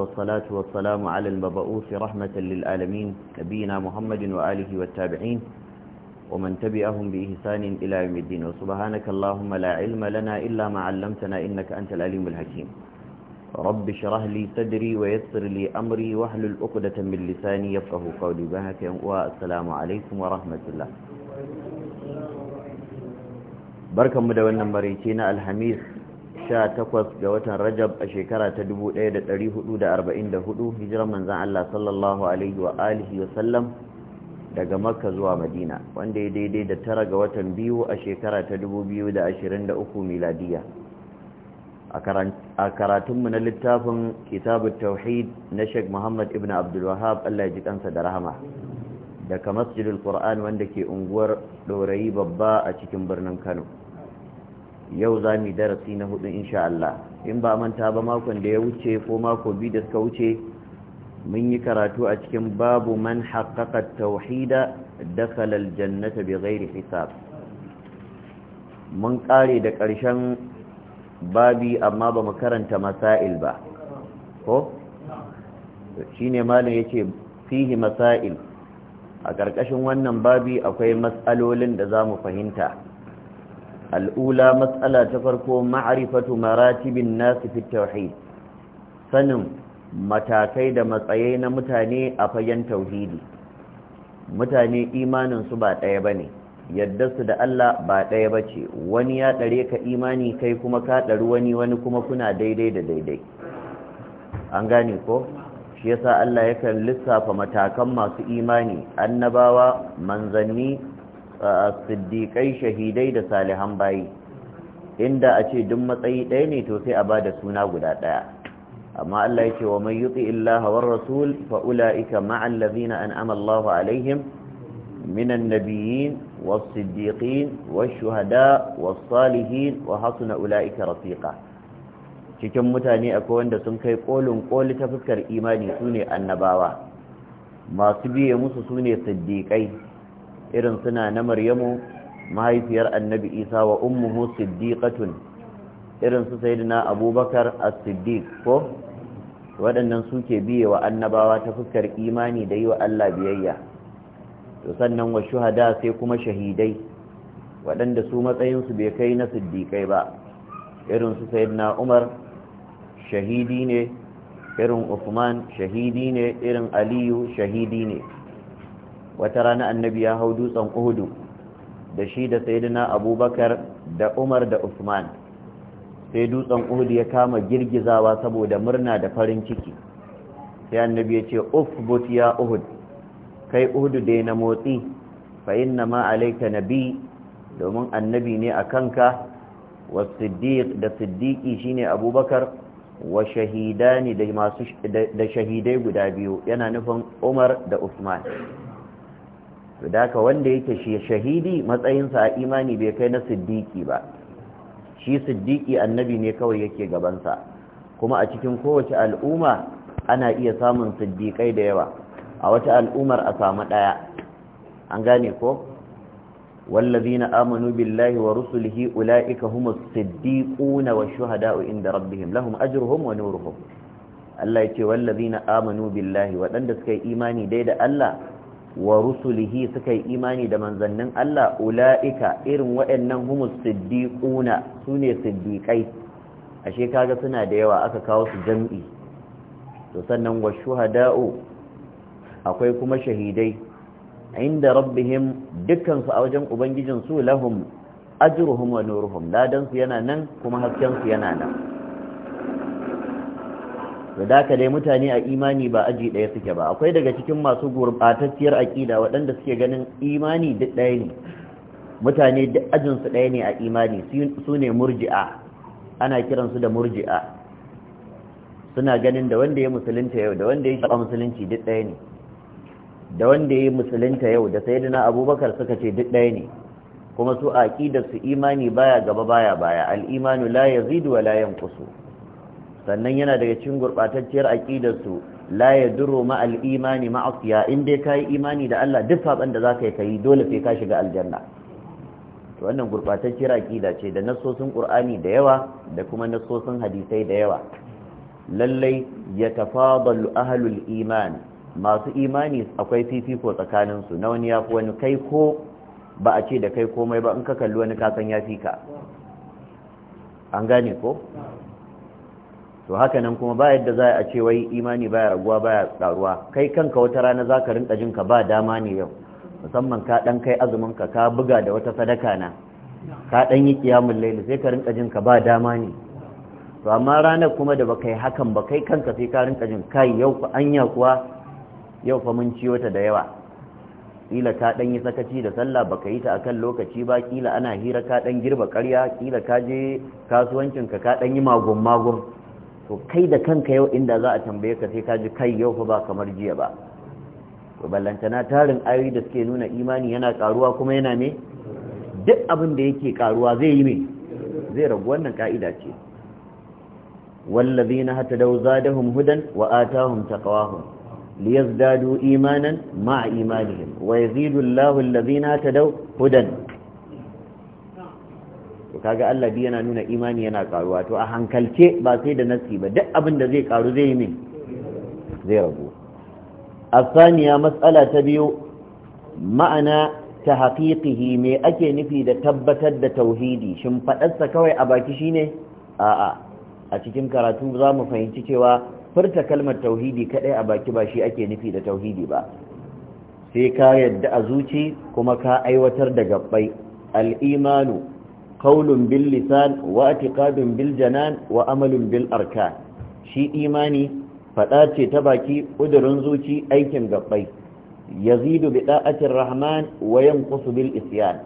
والصلاة والسلام على المبعوث رحمة للعالمين نبينا محمد وآله والتابعين ومن تبعهم بإحسان إلى يوم الدين وسبحانك اللهم لا علم لنا إلا ما علمتنا إنك أنت العليم الحكيم رب شرح لي صدري ويسر لي أمري واحلل عقدة من لساني يفقه قولي بهك والسلام عليكم ورحمة الله بركة مدونة مريتين الحميث 18 ga watan Rajab a shekara ta 1444 hijirar manzan Allah sallallahu alaihi wa alihi wa sallam daga Makka zuwa Madina wanda ya daidai da tara ga watan biyu a shekara ta 2023 miladiya a karatunmu na littafin kitabun tauhid na Sheikh Muhammad ibn Abdul Wahab Allah ya ji kansa da rahama daga Masjidul Qur'an wanda ke unguwar ɗorayi babba a cikin birnin Kano yau za mu darasi na hudu insha Allah in ba manta ba makon da ya wuce ko mako biyu da suka wuce mun yi karatu a cikin babu man haqqaqa tauhida dakhala aljannata gairi hisab mun kare da ƙarshen babi amma ba mu karanta masail ba ko shine malam yace fihi masail a ƙarƙashin wannan babi akwai matsalolin da za mu fahimta al'ula matsala ta farko ma'arifatu maratibin nasu fi sanin matakai da matsayai na mutane a fagen tauhidi mutane imaninsu ba ɗaya ba ne su da Allah ba ɗaya ba ce wani ya ɗare ka imani kai kuma ka ɗaru wani wani kuma kuna daidai da daidai an gane ko shi yasa Allah yakan lissafa matakan masu imani annabawa manzanni siddiƙai shahidai da salihan bayi inda a ce duk matsayi ɗaya ne to sai a ba da suna guda ɗaya amma Allah ya ce wa mai yuti illaha war rasul fa ula'ika ma'al ladhina an'ama Allahu alaihim minan nabiyyin was siddiƙin, was shuhada wa salihin wa ula ula'ika rafiƙa. cikin mutane akwai wanda sun kai kolin ƙoli ta fuskar imani sune annabawa masu biye musu sune siddiƙai. irin suna na maryamu mahaifiyar annabi isa wa ummuhu siddiqatun irin su sayyidina abubakar as-siddiq ko waɗannan suke biye wa annabawa ta fuskar imani da yi wa Allah biyayya to sannan wa shuhada sai kuma shahidai waɗanda su matsayinsu bai kai na siddiƙai ba irin su sayyidina umar shahidi ne irin Uthman shahidi ne irin Aliyu shahidi ne wata rana annabi ya hau dutsen uhudu da shi da sayyidina abubakar da umar da usman sai dutsen uhudu ya kama girgizawa saboda murna da farin ciki sai annabi ya ce ufbut ya uhud kai uhudu dai na motsi fa inna ma alayka nabi domin annabi ne a kanka wa da siddiqi shine abubakar wa shahidani da masu da shahidai guda biyu yana nufin umar da usman daga wanda yake shahidi matsayinsa a imani bai kai na siddiki ba shi siddiki annabi ne kawai yake gabansa kuma a cikin kowace al'umma ana iya samun siddiƙai da yawa a wata al'ummar a samu ɗaya an gane ko wallazi na amonu billahi wa rusulhi ula'ika humus siddiƙu na wa shuhada'u inda rabbihim lahum ajruhum wa nuruhum Allah ya ce wallazi na amonu billahi waɗanda suka yi imani dai da Allah wa rusulihi suka yi imani da manzannin Allah ula'ika irin waɗannan humus siddiquna su ne siddiƙai ashe kaga suna da yawa aka kawo su jam'i to sannan wa shuhada'u akwai kuma shahidai inda rabbihim dukkan su a wajen ubangijin su lahum ajruhum wa nuruhum ladan yana nan kuma hasken su yana nan da ka dai mutane a imani ba aji ɗaya suke ba akwai daga cikin masu gurɓatacciyar aƙida waɗanda suke ganin imani duk ɗaya ne mutane duk ajinsu ɗaya ne a imani su ne murji'a ana kiransu da murji'a suna ganin da wanda ya musulunta yau da wanda ya shaɓa musulunci duk ɗaya ne da wanda ya musulunta yau da dana abubakar suka ce duk ɗaya ne kuma su aƙidarsu su imani baya gaba baya baya al'imanu imanu la yazidu wa la yankusu sannan yana daga cikin gurbatacciyar aqidarsu la yadurru ma al-imani ma asiya in dai kai imani da Allah duk fatan da zaka kai dole sai ka shiga aljanna to wannan gurbatacciyar aqida ce da nassosin qur'ani da yawa da kuma nassosin hadisai da yawa lallai yatafadalu ahlul iman masu imani akwai fifiko tsakanin su na wani yafi wani kai ko ba a ce da kai komai ba in ka kalli wani kasan yafi ka an gane ko to haka nan kuma ba yadda za a ce wai imani baya raguwa ba baya karuwa kai kanka wata rana za ka rinka jinka ba dama ne yau musamman ka ɗan kai azumin ka ka buga da wata sadaka na ka ɗan yi kiyamun laili sai ka rinka jinka ba dama ne to amma ranar kuma da baka kai hakan ba kai kanka sai ka rinka jin kai yau fa anya kuwa yau fa mun ciyo ta da yawa kila ka ɗan yi sakaci da sallah ba ka yi ta a kan lokaci ba kila ana hira ka ɗan girba ƙarya kila ka je kasuwancinka ka ɗan yi magun magun to kai da kanka yau inda za a tambaye ka sai ka ji kai yau fa ba kamar jiya ba to ballantana tarin ayoyi da suke nuna imani yana karuwa kuma yana ne duk abin da yake karuwa zai yi ne zai ragu wannan ka'ida ce wallazina hatadaw zadahum hudan wa atahum taqwahum liyazdadu imanan ma'a imanihim wa yazidu Allahu allazina hatadaw hudan to kaga Allah bi yana nuna imani yana karuwa to a hankalce ba sai da nasi ba duk abin da zai karu zai yi min zai rabu asaniya matsala ta biyu ma'ana ta haqiqihi me ake nufi da tabbatar da tauhidi shin faɗarsa kawai a baki shine a'a a cikin karatu za mu fahimci cewa furta kalmar tauhidi kaɗai a baki ba shi ake nufi da tauhidi ba sai ka yadda a zuci kuma ka aiwatar da gabbai imanu qaulun bil lisan wa i'tiqadun bil janan wa amalun bil arkan shi imani fada ce ta baki ƙudurin zuci aikin gabbai yazidu bi da'atir rahman wa yanqusu bil isyan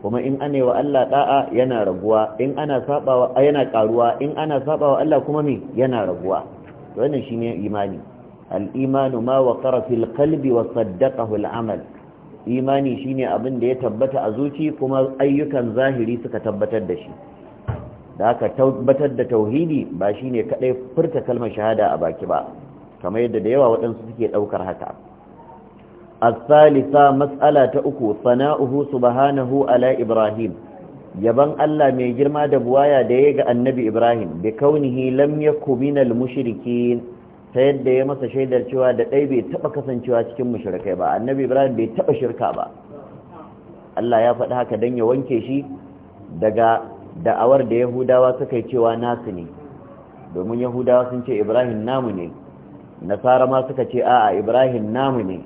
kuma in ana wa Allah da'a yana raguwa in ana sabawa yana karuwa in ana sabawa Allah kuma me yana raguwa wannan shine imani al-imanu ma waqara fil qalbi wa saddaqahu al-amal imani shine abin da ya tabbata a zuci kuma ayyukan zahiri suka tabbatar da shi da aka tabbatar da tauhidi ba shine kadai furta kalmar shahada a baki ba kamar yadda da yawa waɗansu suke ɗaukar haka ta الثالثة مسألة أكو ثناؤه سبحانه على إبراهيم يبن الله من جرما دبوايا Annabi النبي إبراهيم بكونه لم يكن من المشركين ta yadda ya masa shaidar cewa da ɗai bai taɓa kasancewa cikin mushrikai ba annabi ibrahim bai taɓa shirka ba Allah ya faɗi haka don ya wanke shi daga da'awar da yahudawa suka yi cewa nasu ne domin yahudawa sun ce ibrahim namu ne nasara ma suka ce a'a ibrahim namu ne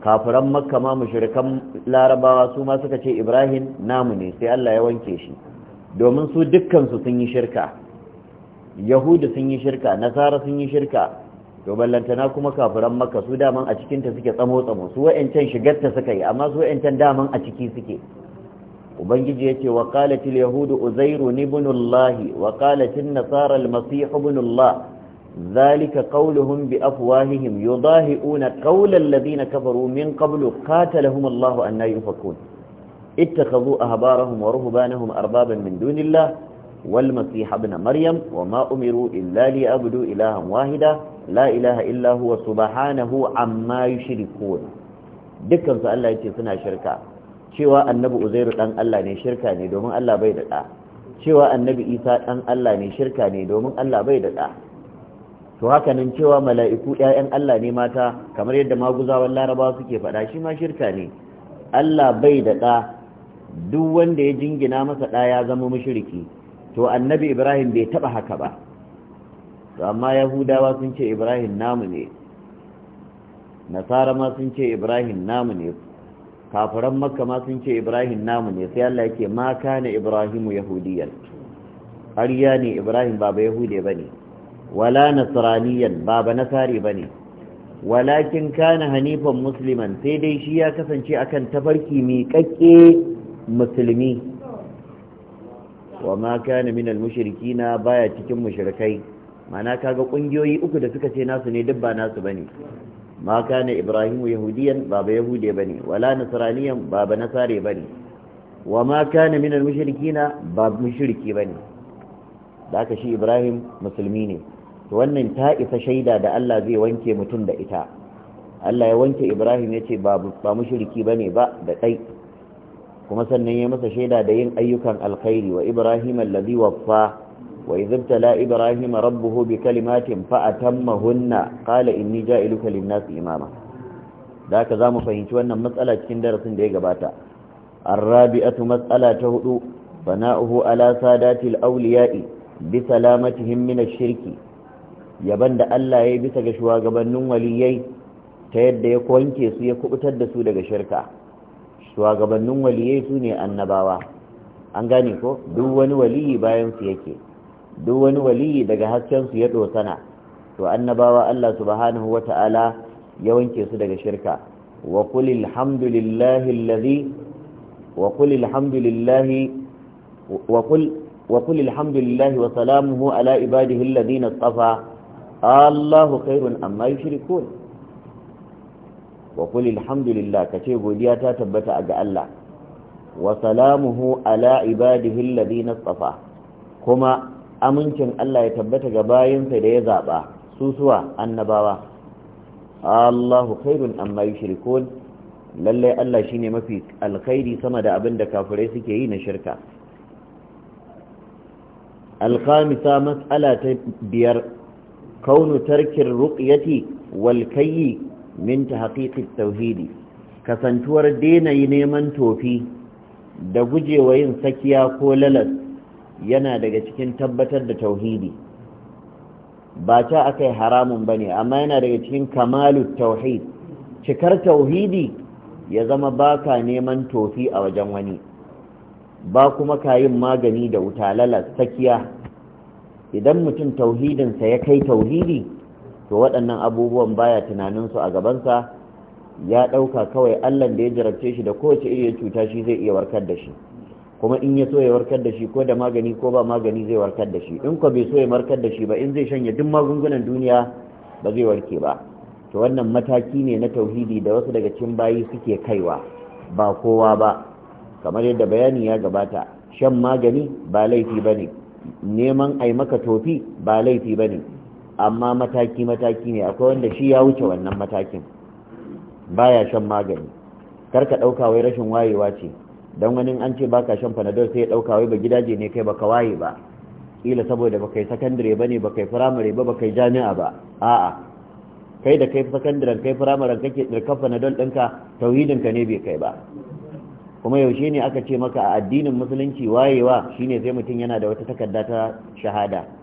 kafiran makka ma larabawa su ma suka ce ibrahim namu ne sai Allah ya wanke shi domin su dukkansu sun yi shirka yahudu sun yi shirka nasara sun yi shirka to ballantana kuma kafiran maka su daman a cikinta suke tsamo-tsamo su wa'yancan shigarta suka yi amma su wa'yancan daman a ciki suke ubangiji ya ce wa kalatil yahudu uzairu bunullahi wa kalatil nasara almasihu bunullah zalika qauluhum bi afwahihim yudahiuna qaulal ladina kafaru min qablu qatalahumullahu anna yufakun ittakhadhu ahbarahum wa ruhbanahum arbaban min dunillah والمسيح ابن مريم وما أمروا إلا ليعبدوا إلها واحدا لا إله إلا هو سبحانه عما يشركون dukkan su Allah yace suna shirka cewa annabi Uzairu dan Allah ne shirka ne domin Allah bai da da cewa annabi Isa dan Allah ne shirka ne domin Allah bai da da to haka nan cewa mala'iku ƴaƴan Allah ne mata kamar yadda maguzawan Larabawa suke faɗa shi ma shirka ne Allah bai da da duk wanda ya jingina masa da ya zama mushriki to annabi ibrahim bai taba haka ba to amma yahudawa sun ce ibrahim namu ne nasara ma sun ce ibrahim namu ne kafiran makka ma sun ce ibrahim namu ne sai allah yake ma kane ibrahimu yahudiyan ƙarya ne ibrahim baba yahude ba ne. wala Nasiraniyan baba nasari ba bane walakin kana hanifan musliman sai dai shi ya kasance akan tafarki miƙaƙƙe musulmi wa ma kana min al-mushrikina baya cikin mushrikai mana kaga kungiyoyi uku da suka ce nasu ne duk ba nasu bane ma kana ibrahimu yahudiyan baba yahude bane wala nasraniyan baba nasare bane wa ma kana min al-mushrikina ba mushriki bane da haka shi ibrahim musulmi ne wannan ta isa shaida da Allah zai wanke mutum da ita Allah ya wanke Ibrahim ya ce ba mushriki bane ba da ɗai kuma sannan ya masa shaida da yin ayyukan alkhairi wa ibrahim allazi waffa wa idhibtala ibrahim rabbuhu bi kalimatin fa atammahunna qala inni ja'iluka lin-nasi imama da haka zamu fahimci wannan matsala cikin darasin da ya gabata arrabi'atu rabiatu mas'ala ta hudu fana'uhu ala sadatil awliya'i bi salamatihim min ash-shirki yaban da Allah yayi bisa ga shugabannin waliyai ta yadda ya kwanke su ya kubutar da su daga shirka shugabannin waliyai su ne annabawa an gane ko duk wani waliyi bayansu yake duk wani waliyi daga hasken su ya dosana to annabawa Allah subhanahu wa ta'ala ya wanke su daga shirka wa qul alhamdulillahi alladhi wa qul alhamdulillahi wa qul wa qul alhamdulillahi wa salamuhu ala ibadihi alladhina istafa Allahu khairun amma yushrikun wa kuli alhamdulillah ka ce godiya ta tabbata ga Allah wa salamuhu ala ibadihi alladhina safa kuma amincin Allah ya tabbata ga bayinsa da ya zaba susuwa annabawa Allahu khairun amma yushrikun lalle Allah shine mafi alkhairi sama da abin da kafirai suke yi na shirka alkhamisa mas'ala ta biyar kaunu tarkin ruqyati wal kayyi min haƙiƙin tauhidi kasantuwar dena yi neman tofi da gujewa yin sakiya ko lalas yana daga cikin tabbatar da tauhidi ba ta akai haramun ba ne, amma yana daga cikin kamalut tauhid cikar tauhidi ya zama baka neman tofi a wajen wani ba kuma ka kayin magani da wuta lalas sakiya idan mutum tauhidinsa ya kai tauhidi to waɗannan abubuwan baya tunanin su a gabansa ya ɗauka kawai allan da ya jarabce shi da kowace iri cuta shi zai iya warkar da shi kuma in ya so ya warkar da shi ko da magani ko ba magani zai warkar da shi in ko bai so ya warkar da shi ba in zai shanye duk magungunan duniya ba zai warke ba to wannan mataki ne na tauhidi da wasu daga cikin bayi suke kaiwa ba kowa ba kamar yadda bayani ya gabata shan magani ba laifi bane neman ai maka tofi ba laifi bane amma mataki mataki ne akwai wanda shi ya wuce wannan matakin baya shan magani kar ka ɗauka wai rashin wayewa ce don wani an ce baka shan panadol sai ya ɗauka wai ba gidaje ne kai baka waye ba kila saboda baka yi ba ne baka yi firamare ba baka yi jami'a ba a'a kai da kai sakandiren kai firamaren kake ɗirka panadol ɗinka ka ne bai kai ba kuma yaushe ne aka ce maka a addinin musulunci wayewa shine sai mutum yana da wata takarda ta shahada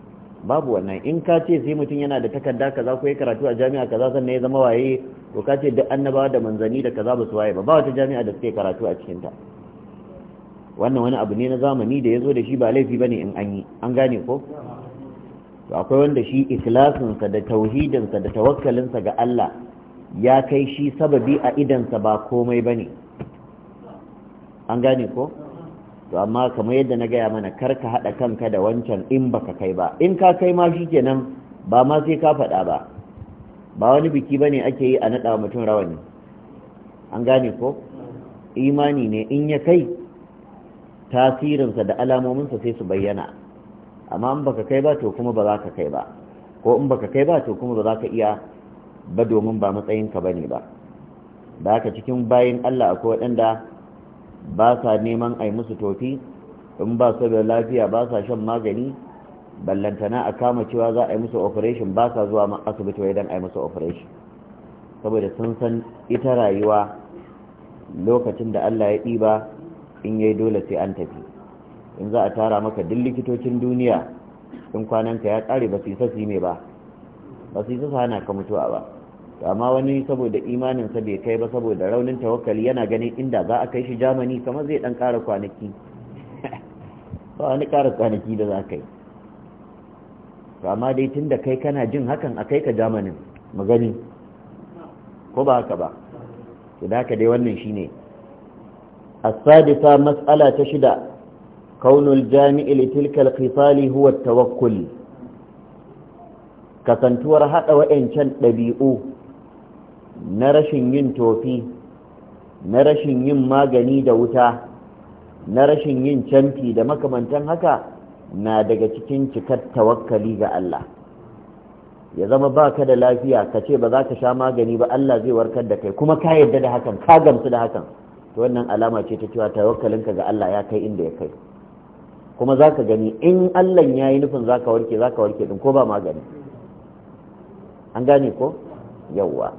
babu wannan in ka ce sai mutum yana da takarda kaza ko ya karatu a jami'a kaza sannan ya zama waye to ka ce duk annabawa da manzani da kaza ba su waye ba ba wata jami'a da suke karatu a cikin ta wannan wani abu ne na zamani da ya zo da shi ba laifi bane in an yi an gane ko to akwai wanda shi sa da tauhidin sa da tawakkalin sa ga Allah ya kai shi sababi a sa ba komai bane an gane ko to amma kamar yadda na gaya mana kar ka haɗa kanka da wancan in baka kai ba in ka kai ma shi kenan ba ma sai ka faɗa ba ba wani biki ba ne ake yi a naɗa mutum rawani an gane ko imani ne in ya kai tasirinsa da alamominsa sai su bayyana amma in baka kai ba to kuma ba za ka kai ba ko in baka kai ba to kuma ba za ka iya ba domin ba matsayinka ba ne ba da haka cikin bayin Allah akwai waɗanda ba sa neman a yi musu tofi in ba su da lafiya ba sa shan magani ballantana a kama cewa za a yi musu operation ba sa zuwa asibiti wai don a yi musu operation saboda sun san ita rayuwa lokacin da Allah ya ɗiba in yayi dole sai an tafi in za a tara maka duk likitocin duniya in kwananka ya ƙare ba su yi sassi ne ba ba su yi sassa hana ka mutuwa ba amma wani saboda imanin sa bai kai ba saboda raunin tawakkali yana ganin inda za a kai shi Germany kamar zai dan ƙara kwanaki ba wani ƙara kwanaki da za ka yi amma dai tun da kai kana jin hakan a kai ka Germany magani ko ba haka ba to da haka dai wannan shine as-sadisa mas'ala ta shida kaunul jami'i li tilka al-qitali huwa at-tawakkul kasantuwar hada wa'ancan dabi'u na rashin yin tofi na rashin yin magani da wuta na rashin yin canfi da makamantan haka na daga cikin cikar tawakkali ga Allah ya zama ba ka da lafiya ka ce ba za ka sha magani ba Allah zai warkar da kai kuma ka yarda da hakan ka gamsu da hakan to wannan alama ce ta cewa tawakkalinka ga Allah ya kai inda ya kai kuma za ka gani in Allah ya yi nufin za ka warke za ka warke ɗin ko ba magani an gane ko yawwa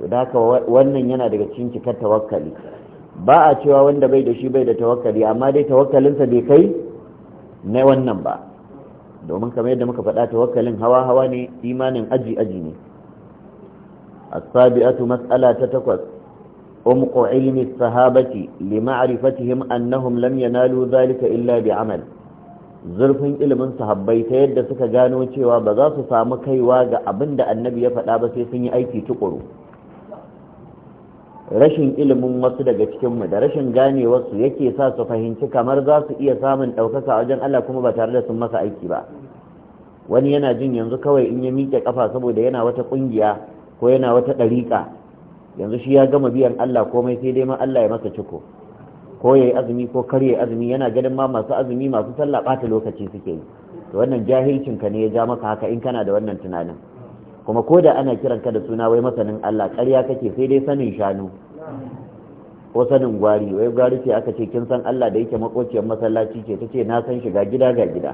to da wannan yana daga cikin cikar tawakkali ba a cewa wanda bai da shi bai da tawakkali amma dai tawakkalinsa bai kai na wannan ba domin kamar yadda muka faɗa tawakkalin hawa hawa ne imanin aji aji ne asabiatu matsala mas'ala ta takwas umqu ilmi sahabati li ma'rifatihim annahum lam yanalu dhalika illa amal zurfin ilimin sahabbai ta yadda suka gano cewa ba za su samu kaiwa ga abinda annabi ya faɗa ba sai sun yi aiki tukuru rashin ilimin wasu daga cikinmu da rashin gane wasu yake sa su fahimci kamar za su iya samun ɗaukaka a wajen Allah kuma ba tare da sun masa aiki ba wani yana jin yanzu kawai in ya miƙe ƙafa saboda yana wata ƙungiya ko yana wata ɗariƙa yanzu shi ya gama biyan Allah komai sai dai ma Allah ya masa ciko ko ya yi azumi ko kar ya azumi yana ganin ma masu azumi masu sallah ɓata lokaci suke yi to wannan jahilcinka ne ya ja maka haka in kana da wannan tunanin kuma ko da ana kiranka da suna wai masanin Allah ƙarya kake sai dai sanin shanu ko sanin gwari wai gwari ce aka ce kin san Allah da yake makociyar masallaci ce tace na san shi gida ga gida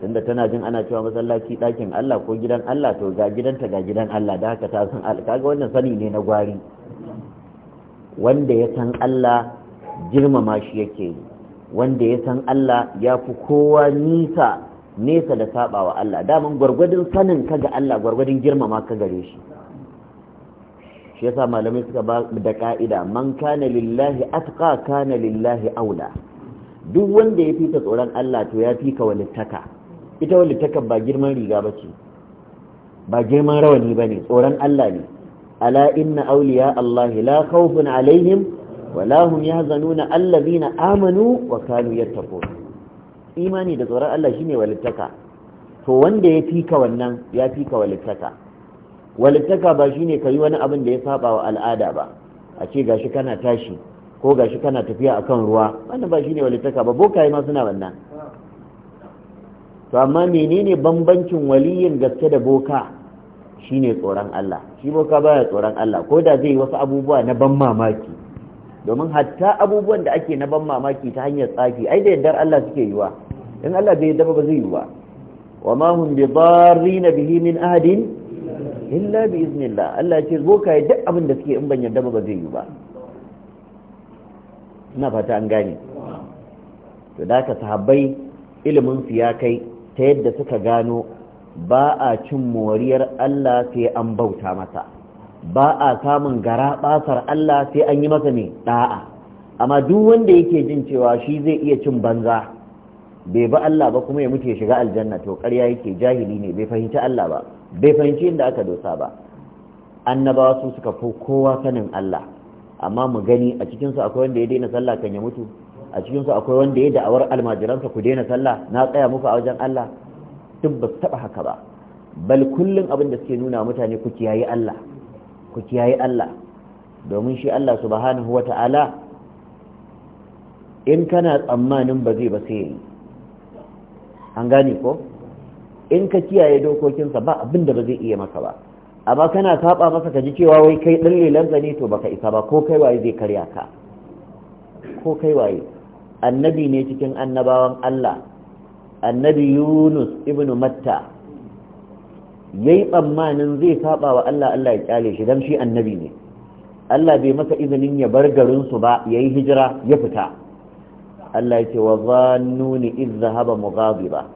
tunda tana jin ana cewa masallaci ɗakin Allah ko gidan Allah to ga gidanta ga gidan Allah da haka ta san Allah kaga wannan sani ne na gwari wanda ya san Allah girmama shi yake wanda ya san Allah ya fi kowa nisa nesa da saba wa Allah daman gwargwadon sanin ka ga Allah gwargwadon girmama ka gare shi shi yasa malamai suka ba da ka'ida man kana lillahi atqa kana lillahi aula duk wanda ya fita tsoron Allah to ya fika walittaka ita walittaka ba girman riga bace ba girman rawani bane tsoron Allah ne ala inna awliya Allah la khawfun alaihim wa la hum yahzanuna allazina amanu wa kanu yattaqun imani da tsoron Allah shine walittaka to wanda ya fika wannan ya fika walittaka walittaka ba shine yi wani abin da ya saba wa al'ada ba a ce gashi kana tashi ko gashi kana tafiya akan ruwa wannan ba shine walittaka ba bokaye ma suna wannan to amma menene bambancin waliyin gaske da boka shine tsoron Allah shi boka baya tsoron Allah ko da zai yi wasu abubuwa na ban mamaki domin hatta abubuwan da ake na ban mamaki ta hanyar tsafi ai da yardar Allah suke yiwa in Allah bai yarda ba zai ba wa ma hum bi darrin bihi min ahadin illa bi iznillah Allah ya ce zo kai duk abin da suke in ban yarda ba zai yi ba ina fata an gane to da ka sahabbai ilimin su ya kai ta yadda suka gano ba a cin moriyar Allah sai an bauta masa ba a samun gara basar Allah sai an yi masa ne da'a amma duk wanda yake jin cewa shi zai iya cin banza bai ba Allah ba kuma ya mutu ya shiga aljanna to ƙarya yake jahili ne bai fahimci Allah ba bai fahimci inda aka dosa ba annabawa su suka fi kowa sanin Allah amma mu gani a cikin su akwai wanda ya daina sallah kan ya mutu a cikin su akwai wanda ya da'awar almajiransa ku daina sallah na tsaya muku a wajen Allah duk ba su taba haka ba bal kullum abin da suke nuna mutane ku kiyaye Allah ku kiyaye Allah domin shi Allah subhanahu wa ta'ala in kana tsammanin ba zai ba sai yi an gane ko in ka kiyaye dokokinsa ba abin da ba zai iya maka ba amma kana saba masa ka ji cewa wai kai ɗan lelansa ne to baka isa ba ko kai waye zai karya ka ko kai waye annabi ne cikin annabawan Allah annabi Yunus ibnu Matta yayi tsammanin zai saba wa Allah Allah ya kyale shi dan shi annabi ne Allah bai masa izinin ya bar garinsu ba, ba yayi hijira ya fita Allah ya ce wa zannuni iz zahaba mughadiba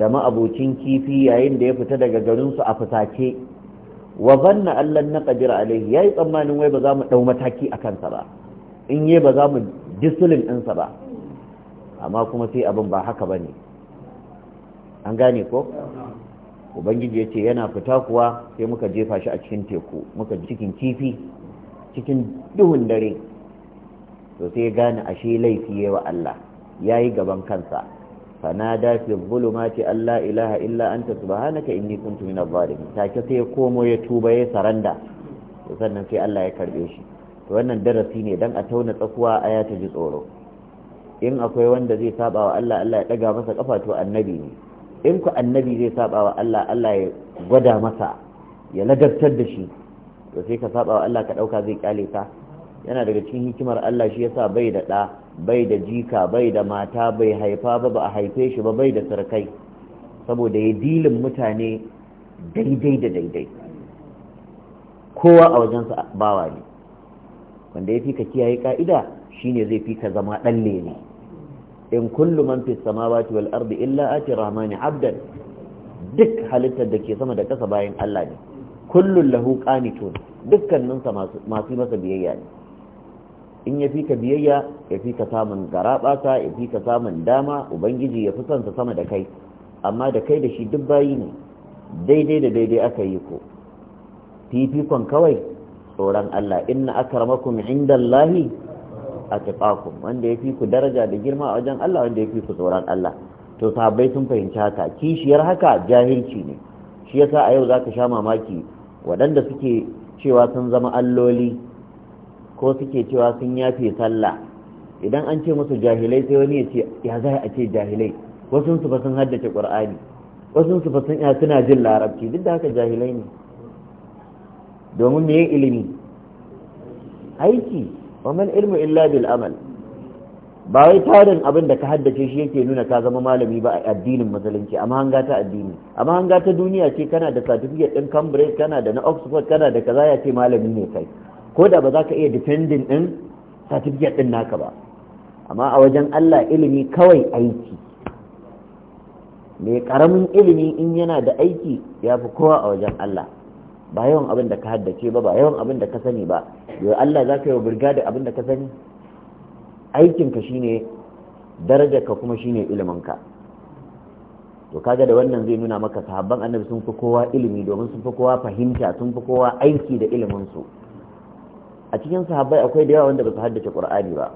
da ma'abocin kifi yayin da ya fita daga garinsu a fitace wa zanna na naqdir alaihi yayi tsammanin wai ba za mu dau mataki a kansa ba in yi ba za mu disulin ɗinsa ba amma kuma sai abin ba haka bane, an gane ko ubangiji ya ce yana fita kuwa sai muka jefa shi a cikin teku muka cikin kifi cikin duhun dare to sai gane ashe laifi yawa Allah ya yi gaban kansa fanada fi zulumati Allah ilaha illa anta subhanaka inni kuntu minadh zalimin take sai ya komo ya tuba ya saranda to sannan sai Allah ya karbe shi to wannan darasi ne dan a tauna tsakuwa aya ta ji tsoro in akwai wanda zai saba wa Allah Allah ya daga masa kafa to annabi ne in ku annabi zai saba wa Allah Allah ya gwada masa ya ladabtar da shi to sai ka saba wa Allah ka dauka zai kyale ka yana daga cikin hikimar Allah shi yasa bai da da bai da jika bai da mata bai haifa ba ba a haife shi ba bai da sarkai saboda ya dilin mutane daidai da daidai kowa a wajen bawa ne wanda ya fi ka kiyaye ka'ida shine zai fi ka zama ɗan lele in kullu man fi samawati wal illa ati rahmani abdan duk halittar da ke sama da ƙasa bayan Allah ne Kullum lahu qanitun tun dukkaninsa masu masa biyayya ne in ya fi ka biyayya ya fi ka samun garaɓasa ya fi ka samun dama ubangiji ya fi sama da kai amma da kai da shi duk bayi ne daidai da daidai aka yi ko fifikon kawai tsoron Allah inna akramakum indallahi atqakum wanda yafi ku daraja da girma a wajen Allah wanda yafi ku tsoron Allah to sahabbai sun fahimci haka kishiyar haka jahilci ne shi yasa a yau zaka sha mamaki waɗanda suke cewa sun zama alloli ko suke cewa sun yafe sallah idan an ce musu jahilai sai wani ya ce ya za a ce jahilai wasu su ba sun haddace qur'ani wasu su ba sun ya suna jin larabci duk da haka jahilai ne domin me ilimi aiki ilmu illa illa bil'amal ba wai tarin abin da ka haddace shi yake nuna ka zama malami ba a addinin musulunci amma hanga ta addini amma hanga ta duniya ce kana da certificate din Cambridge kana da na Oxford kana da kaza ya ce malami ne kai ko da ba za ka iya difendin din certificate din naka ba amma a wajen Allah ilimi kawai aiki mai karamin ilimi in yana da aiki ya fi kowa a wajen Allah ba yawan abin da ka haddace ba ba yawan abin da ka sani ba yau Allah za ka yi wa da abin da ka sani aikinka shine darajarka kuma shine iliminka to kaga da wannan zai nuna maka sahabban annabi sun fi kowa ilimi domin sun fi kowa fahimta sun fi kowa aiki da ilimin a cikin sahabbai akwai da yawa wanda ba su haddace qur'ani ba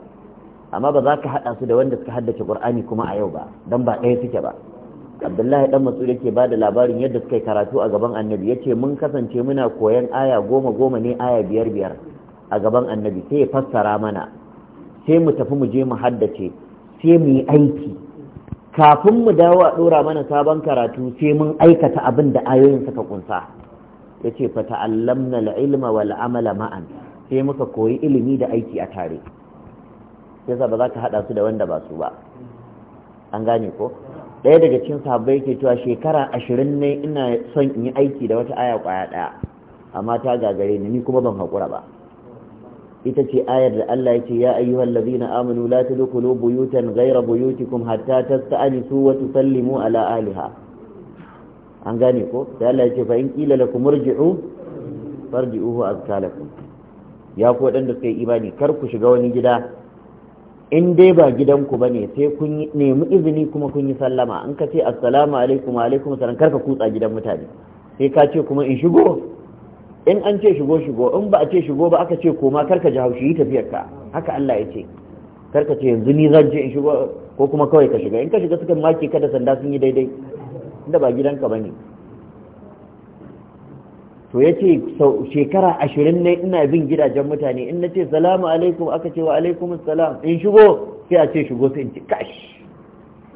amma ba za ka hada su da wanda suka haddace qur'ani kuma a yau ba dan ba ɗaya suke ba abdullahi dan masud yake ba da labarin yadda suka karatu a gaban annabi yace mun kasance muna koyan aya goma goma ne aya biyar biyar a gaban annabi sai ya fassara mana sai mu tafi mu je mu haddace sai mu yi aiki kafin mu dawo a dora mana sabon karatu sai mun aikata abin da ayoyin suka kunsa yace fa ta'allamna al-ilma wal amala ma'an sai muka koyi ilimi da aiki a tare yasa ba za ka hada su da wanda ba su ba an gane ko ɗaya daga cikin sahabbai yake cewa shekara ashirin ne ina son in yi aiki da wata aya kwaya ɗaya amma ta gagare ni ni kuma ban haƙura ba ita ce ayar da Allah yake ya ayyuhal ladina amanu la tadkhulu buyutan ghayra buyutikum hatta tasta'nisu wa tusallimu ala ahliha an gane ko sai Allah yake fa in qila lakum irji'u farji'uhu azka ya ku wadanda suka yi imani kar ku shiga wani gida in dai ba gidanku bane sai kun nemi izini kuma kun yi sallama in ka ce assalamu alaikum wa alaikum salam karka kutsa gidan mutane sai ka ce kuma in shigo in an ce shigo shigo in ba a ce shigo ba aka ce koma karka ji haushi yi tafiyar ka haka Allah ya ce karka ce yanzu ni zan je in shigo ko kuma kawai ka shiga in ka shiga suka maki ka da sanda sun yi daidai inda ba gidanka bane to ya ce shekara ashirin ne ina bin gidajen mutane in na ce salamu alaikum aka ce wa alaikum salam in shigo sai a ce shigo sai in ci kash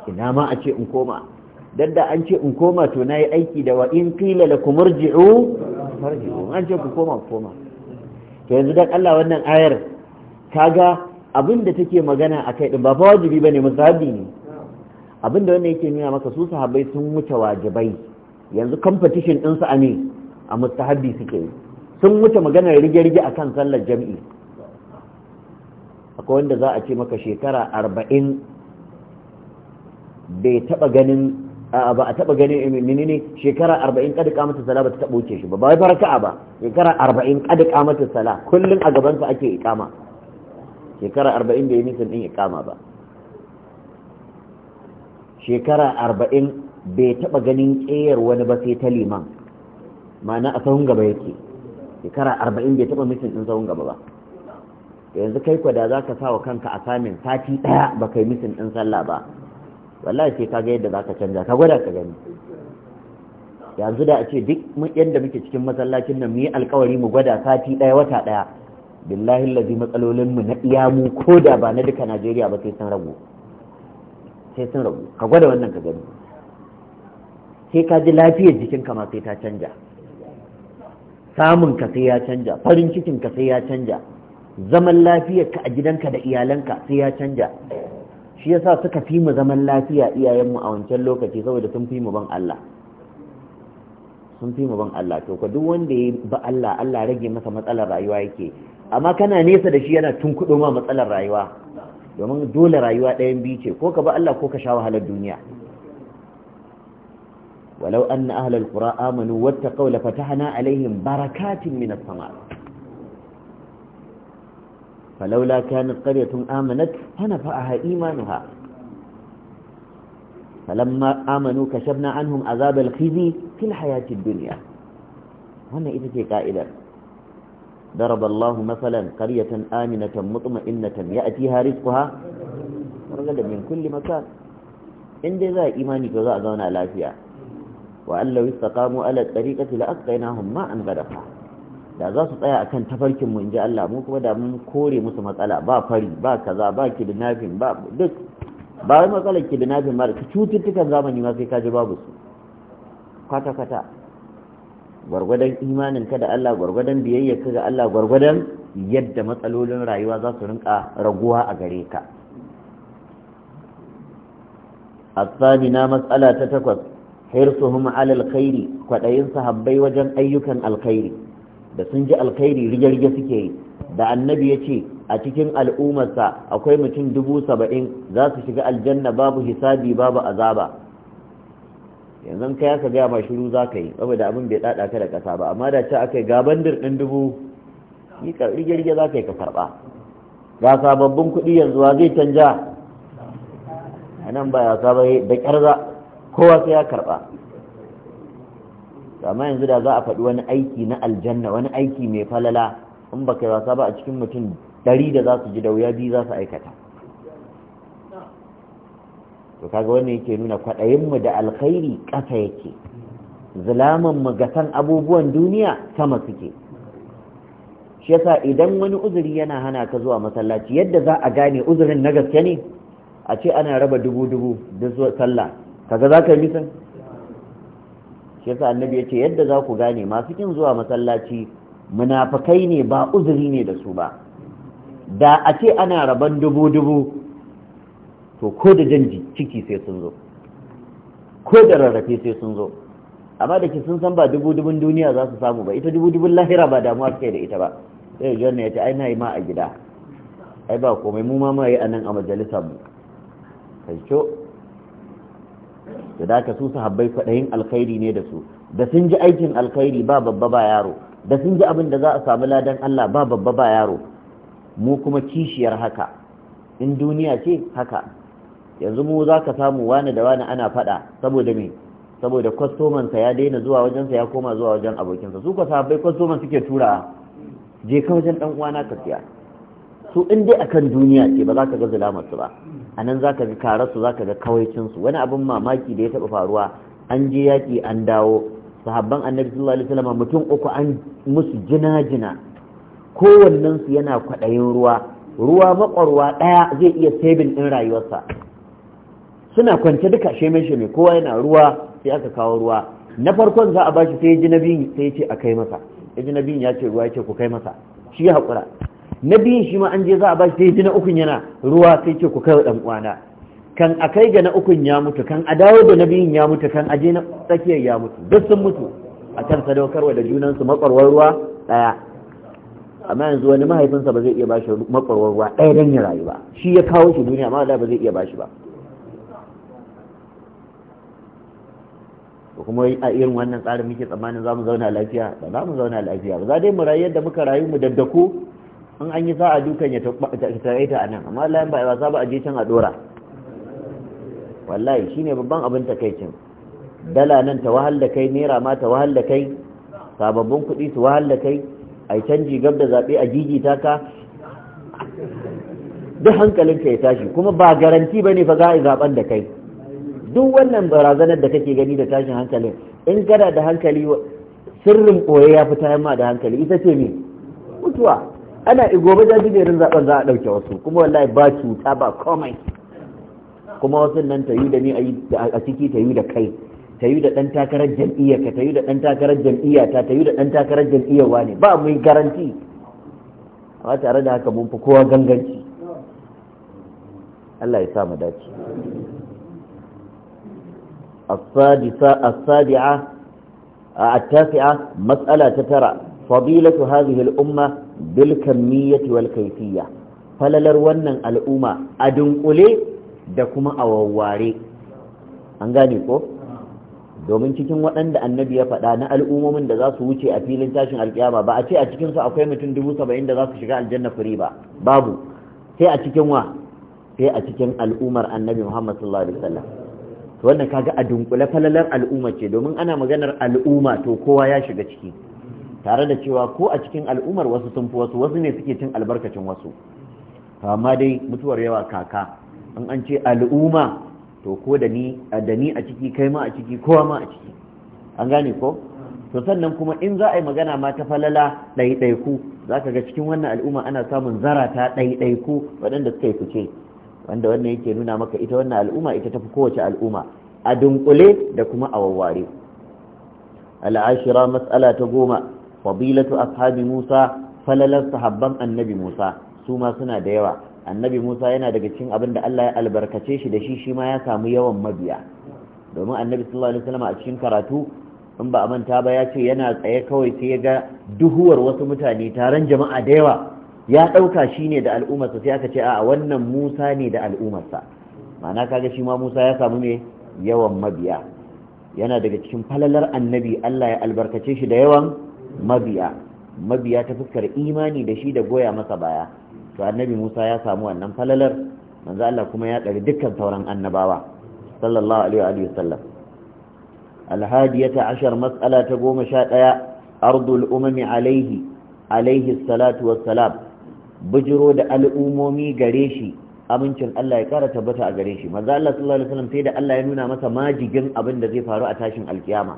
ina ma a ce in koma dan da an ce in koma to na yi aiki da wa in qila lakum irji'u farji'u an ce ku koma ku koma to yanzu dan Allah wannan ayar kaga abin da take magana akai din ba fa wajibi bane musahabi ne abin da wannan yake nuna maka su sahabbai sun wuce wajibai yanzu competition din su a ne a mustahabbi suke yi sun wuce maganar rige-rige akan sallar jam'i akwai wanda za a ce maka shekara arba'in bai taba ganin ba a taba ganin imini eh, ne shekara arba'in kada kamata sala ba ta taba wuce shi ba bai farka'a ba shekara arba'in kada kamata sala kullum a gaban sa ake ikama shekara arba'in bai yi nisan din ikama ba shekara arba'in bai taɓa ganin ƙeyar wani ba sai ta liman ma'ana a sahun gaba yake shekara arba'in bai taɓa mishin ɗin sahun gaba ba yanzu kai kwada za ka sa wa kanka a samin sati ɗaya ba kai mishin ɗin sallah ba wallahi sai ka ga yadda za ka canja ka gwada ka gani yanzu da a ce duk yadda muke cikin masallacin nan mu yi alkawari mu gwada sati ɗaya wata ɗaya billahi lazi matsalolinmu na iyamu ko da ba na duka najeriya ba sai sun rabu sai sun rabu ka gwada wannan ka gani sai ka ji lafiyar jikinka ma sai ta canja samun ka sai ya canja farin cikin ka sai ya canja zaman lafiyar ka a gidanka da iyalanka sai ya canja shi yasa suka fi mu zaman lafiya iyayenmu a wancan lokaci saboda sun fi mu ban Allah sun fi mu ban Allah to ka duk wanda ya ba Allah Allah rage masa matsalar rayuwa yake amma kana nesa da shi yana tunkudo ma matsalar rayuwa domin dole rayuwa ɗayan biyu ce ko ka ba Allah ko ka sha wahalar duniya walau anna ahlal qura amanu wattaqaw la fatahna alaihim barakatin minas sama فلولا كانت قرية آمنت فنفعها إيمانها فلما آمنوا كشفنا عنهم عذاب الخزي في الحياة الدنيا هنا إذا قائلا ضرب الله مثلا قرية آمنة مطمئنة يأتيها رزقها رغدا من كل مكان عند ذا إيماني كذا أذونا لا فيها وأن لو استقاموا على الطريقة لأسقيناهم an غدقا da za su tsaya akan tafarkin mu inji Allah mu kuma da mun kore musu matsala ba fari ba kaza ba kidnapping ba duk ba wai matsalar kidnapping ba da cututtukan zamani ma sai ka ji babu su kwata kwata gwargwadon imanin ka da Allah gwargwadon biyayya ka ga Allah gwargwadon yadda matsalolin rayuwa za su rinka raguwa a gare ka na matsala ta takwas. hirsuhum ala alkhairi kwadayin sahabbai wajen ayyukan alkhairi da sun ji alkhairi rige-rige suke yi da annabi ya ce a cikin al'ummarsa akwai mutum dubu saba'in za su shiga aljanna babu hisabi babu azaba yanzu ka ya ka gaya ma shiru za ka yi saboda abin bai ɗaɗa ka da ƙasa ba amma da ce aka yi gaban dirɗin dubu rige-rige za ka yi ka karɓa ga sababbin kuɗi yanzu wa zai canja a nan ba ya saba da ƙyar kowa sai ya karba amma yanzu da za a faɗi wani aiki na aljanna wani aiki mai falala in ba kai wasa ba a cikin mutum ɗari da za su ji da wuya biyu za su aikata to kaga wannan yake nuna kwaɗayin mu da alkhairi ƙasa yake zilaman ga san abubuwan duniya sama suke shi yasa idan wani uzuri yana hana ka zuwa masallaci yadda za a gane uzurin na gaske ne a ce ana raba dubu dubu duk sallah kaga za ka yi misan shi yasa annabi ya ce yadda za ku gane masu kin zuwa masallaci munafakai ne ba uzuri ne da su ba da a ce ana rabon dubu-dubu to ko da jan ciki sai sun zo ko da rarrafe sai sun zo amma da ke sun san ba dubu-dubun duniya za su samu ba ita dubu-dubun lahira ba damuwa suke da ita ba sai jiyon ya ce ai na yi ma a gida ai ba komai mu ma ma yi a nan a majalisar mu kai da ka su sahabbai fadayin alkhairi ne da su da sun ji aikin alkhairi ba babba ba yaro da sun ji abin da za a samu ladan Allah ba babba ba yaro mu kuma kishiyar haka in duniya ce haka yanzu mu za ka samu wani da wani ana faɗa saboda me saboda kwastomansa ya daina zuwa wajensa ya koma zuwa wajen abokinsa su ka sahabbai kwastoman suke tura je ka wajen dan uwana ka siya su in dai akan duniya ce ba za ka ga zulama su ba a nan za ka ga kararsu za ka ga kawaicinsu wani abin mamaki da ya taɓa faruwa an je yaki an dawo sahabban annabi sallallahu alaihi wasallam mutum uku an musu jina-jina kowannen su yana kwaɗayin ruwa ruwa makwarwa ɗaya zai iya sabin ɗin rayuwarsa suna kwance duka sheme sheme kowa yana ruwa sai aka kawo ruwa na farkon za a bashi sai ya ji na biyu sai ya ce a kai masa ya ji na biyu ya ce ruwa ya ce ku kai masa shi ya haƙura na biyun shi ma an je za a bashi sai ji na ukun yana ruwa sai ce ku kai dan uwana kan a kai ga na ukun ya mutu kan a dawo da na biyun ya mutu kan a je na tsakiyar ya mutu duk sun mutu a kan sadaukarwa da junansu makwarwar ruwa ɗaya. amma yanzu wani mahaifinsa ba zai iya bashi makwarwar ruwa ɗaya don ya rayu ba shi ya kawo shi duniya amma Allah ba zai iya bashi ba kuma a irin wannan tsarin muke tsammanin za mu zauna lafiya ba za mu zauna lafiya ba za dai mu rayu yadda muka rayu mu daddaku in an yi sa'a dukan ya taraita a nan amma layan ba wasa ba a je can a dora wallahi shine babban abin takaicin dala nan ta wahal da kai naira ma ta wahal da kai sababbin kuɗi su wahal da kai yi canji gab da zaɓe a ta ka duk hankalinka ya tashi kuma ba garanti ba ne fa za a yi zaɓen da kai duk wannan barazanar da kake gani da tashin hankalin in gada da hankali sirrin ɓoye ya fi yamma da hankali ita ce ne mutuwa ana gobe jajiberin zaben za a ɗauke wasu kuma wallahi ba cuta ba komai kuma wasu nan ta yi da ni a ciki ta yi da kai ta yi da ɗan takarar jam'iyyar ka ta yi da ɗan takarar jam'iyyar ta ta yi da ɗan takarar jam'iyyar wa ne ba yi garanti amma tare da haka mun fi kowa ganganci Allah ya sa mu dace السادسة التاسعة مسألة ترى فضيلة هذه الأمة bilkan kamiyyati wal kayfiyya falalar wannan al'umma a dunkule da kuma a wawware an gane ko domin cikin waɗanda annabi ya faɗa na al'ummomin da za su wuce a filin tashin alkiyama ba a ce a cikin su akwai mutum dubu saba'in da za su shiga aljanna fure ba babu sai a cikin wa sai a cikin al'ummar annabi muhammad sallallahu alaihi wasallam to wannan kaga a dunkule falalar al'umma ce domin ana maganar al'umma to kowa ya shiga ciki tare da cewa ko a cikin al'ummar wasu sun fi wasu wasu ne suke cin albarkacin wasu amma dai mutuwar yawa kaka in an ce al'umma to ko da ni da ni a ciki kai ma a ciki kowa ma a ciki an gane ko to sannan kuma in za a yi magana ma ta falala ɗaiɗaiku za ka ga cikin wannan al'umma ana samun zara zarata ɗaiɗaiku waɗanda suka yi fice wanda wannan yake nuna maka ita wannan al'umma ita tafi kowace al'umma a dunkule da kuma a wawware al'ashira mas'ala ta goma fadilatu ashabi Musa falalar sahabban annabi Musa su ma suna da yawa annabi Musa yana daga cikin abin da Allah ya albarkace shi da shi shi ma ya samu yawan mabiya domin annabi sallallahu alaihi wasallam a cikin karatu in ba a manta ba ya ce yana tsaye kawai sai ya ga duhuwar wasu mutane taron jama'a da yawa ya ɗauka shine da al'ummarsa sai aka ce a wannan musa ne da al'ummarsa ma'ana kaga shi ma musa ya samu ne yawan mabiya yana daga cikin falalar annabi allah ya albarkace shi da yawan mabiya mabiya ta fuskar imani da shi da goya masa baya to annabi Musa ya samu wannan falalar manzo Allah kuma ya ɗari dukkan sauran annabawa sallallahu alaihi wa sallam alhadiyata ashar mas'ala ta goma sha ɗaya ardul umami alaihi alaihi salatu wassalam bijiro da al'umomi gare shi amincin Allah ya kara tabbata a gare shi manzo Allah sallallahu alaihi wasallam sai da Allah ya nuna masa majigin abin da zai faru a tashin alkiyama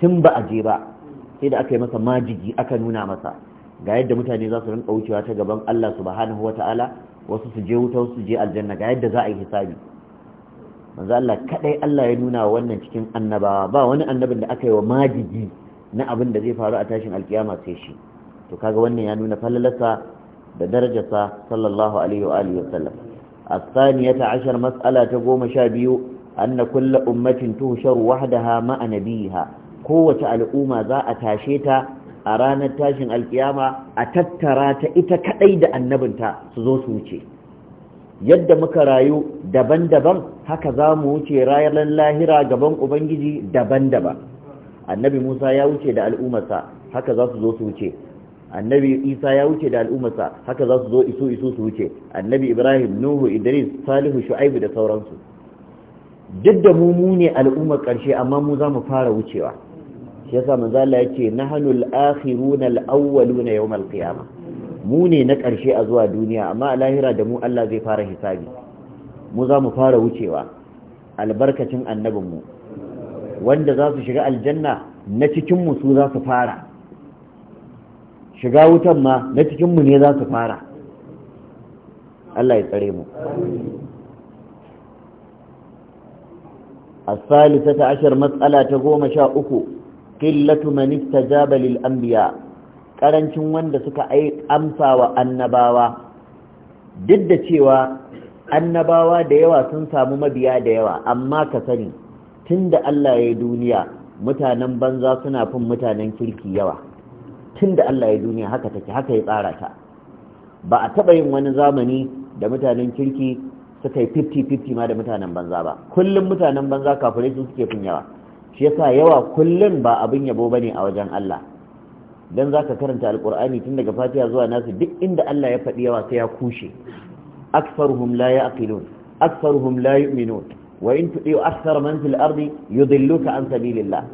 tun ba a je ba sai da aka yi masa majigi aka nuna masa ga yadda mutane za su rinka wucewa ta gaban Allah subhanahu wata'ala wasu su je wuta wasu su je aljanna ga yadda za a yi hisabi manzo Allah kadai Allah ya nuna wannan cikin annabawa ba wani annabin da aka yi wa majigi na abin da zai faru a tashin alkiyama sai shi to kaga wannan ya nuna fallalarsa da darajarsa sallallahu alaihi wa alihi wa sallam الثانية عشر مسألة تقوم شابيو أن كل أمة تهشر وحدها مع نبيها kowace al'umma za a tashe ta a ranar tashin alkiyama a tattara ta ita kaɗai da annabinta su zo su wuce yadda muka rayu daban-daban haka za mu wuce ranar lahira gaban ubangiji daban-daban annabi musa ya wuce da al'ummarsa haka za su zo su wuce annabi isa ya wuce da al'ummarsa haka za su zo isu isu su wuce annabi ibrahim nuhu idris salihu shu'aibu da sauransu duk da mu mu ne al'ummar ƙarshe amma mu za mu fara wucewa shi yasa manzo Allah yace nahnu al-akhiruna al-awwaluna yawm al-qiyamah mu ne na ƙarshe a zuwa duniya amma a lahira da mu Allah zai fara hisabi mu za mu fara wucewa albarkacin annabinmu wanda za su shiga aljanna na cikinmu su za su fara shiga wutan ma na cikinmu ne za su fara Allah ya tsare mu الثالثة عشر مسألة تقوم شاء uku. qillatu man istajaba lil anbiya karancin wanda suka amsa wa annabawa duk da cewa annabawa da yawa sun samu mabiya da yawa amma ka sani tunda Allah ya yi duniya mutanen banza suna fin mutanen kirki yawa tunda Allah ya yi duniya haka take haka ya tsara ta ba a taba yin wani zamani da mutanen kirki suka yi 50-50 ma da mutanen banza ba kullum mutanen banza kafirai su suke fin yawa shi yasa yawa kullum ba abin yabo bane a wajen Allah dan zaka karanta alqur'ani tun daga fatiha zuwa nasu duk inda Allah ya faɗi yawa sai ya kushe aktharuhum la yaqilun aktharuhum la yu'minun wa in tu'i akthar man fil ardi yudilluka an sabilillah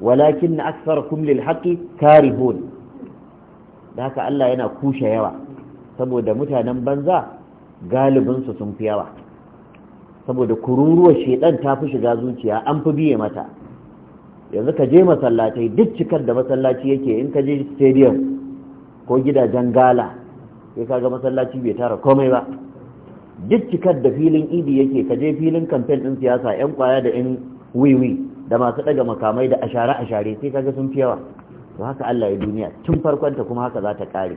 walakin aktharakum lil haqqi karihun da haka Allah yana kushe yawa saboda mutanen banza galibinsu sun fi yawa saboda kururuwar shedan ta fi shiga zuciya an fi biye mata yanzu ka je masallatai duk cikar da masallaci yake in ka je stadium ko gidajen gala sai ka ga masallaci bai tara komai ba duk cikar da filin idi yake ka je filin kamfen din siyasa yan kwaya da yan wiwi da masu daga makamai da ashare ashare sai ka ga sun fi yawa to haka Allah ya duniya tun farkon ta kuma haka za ta kare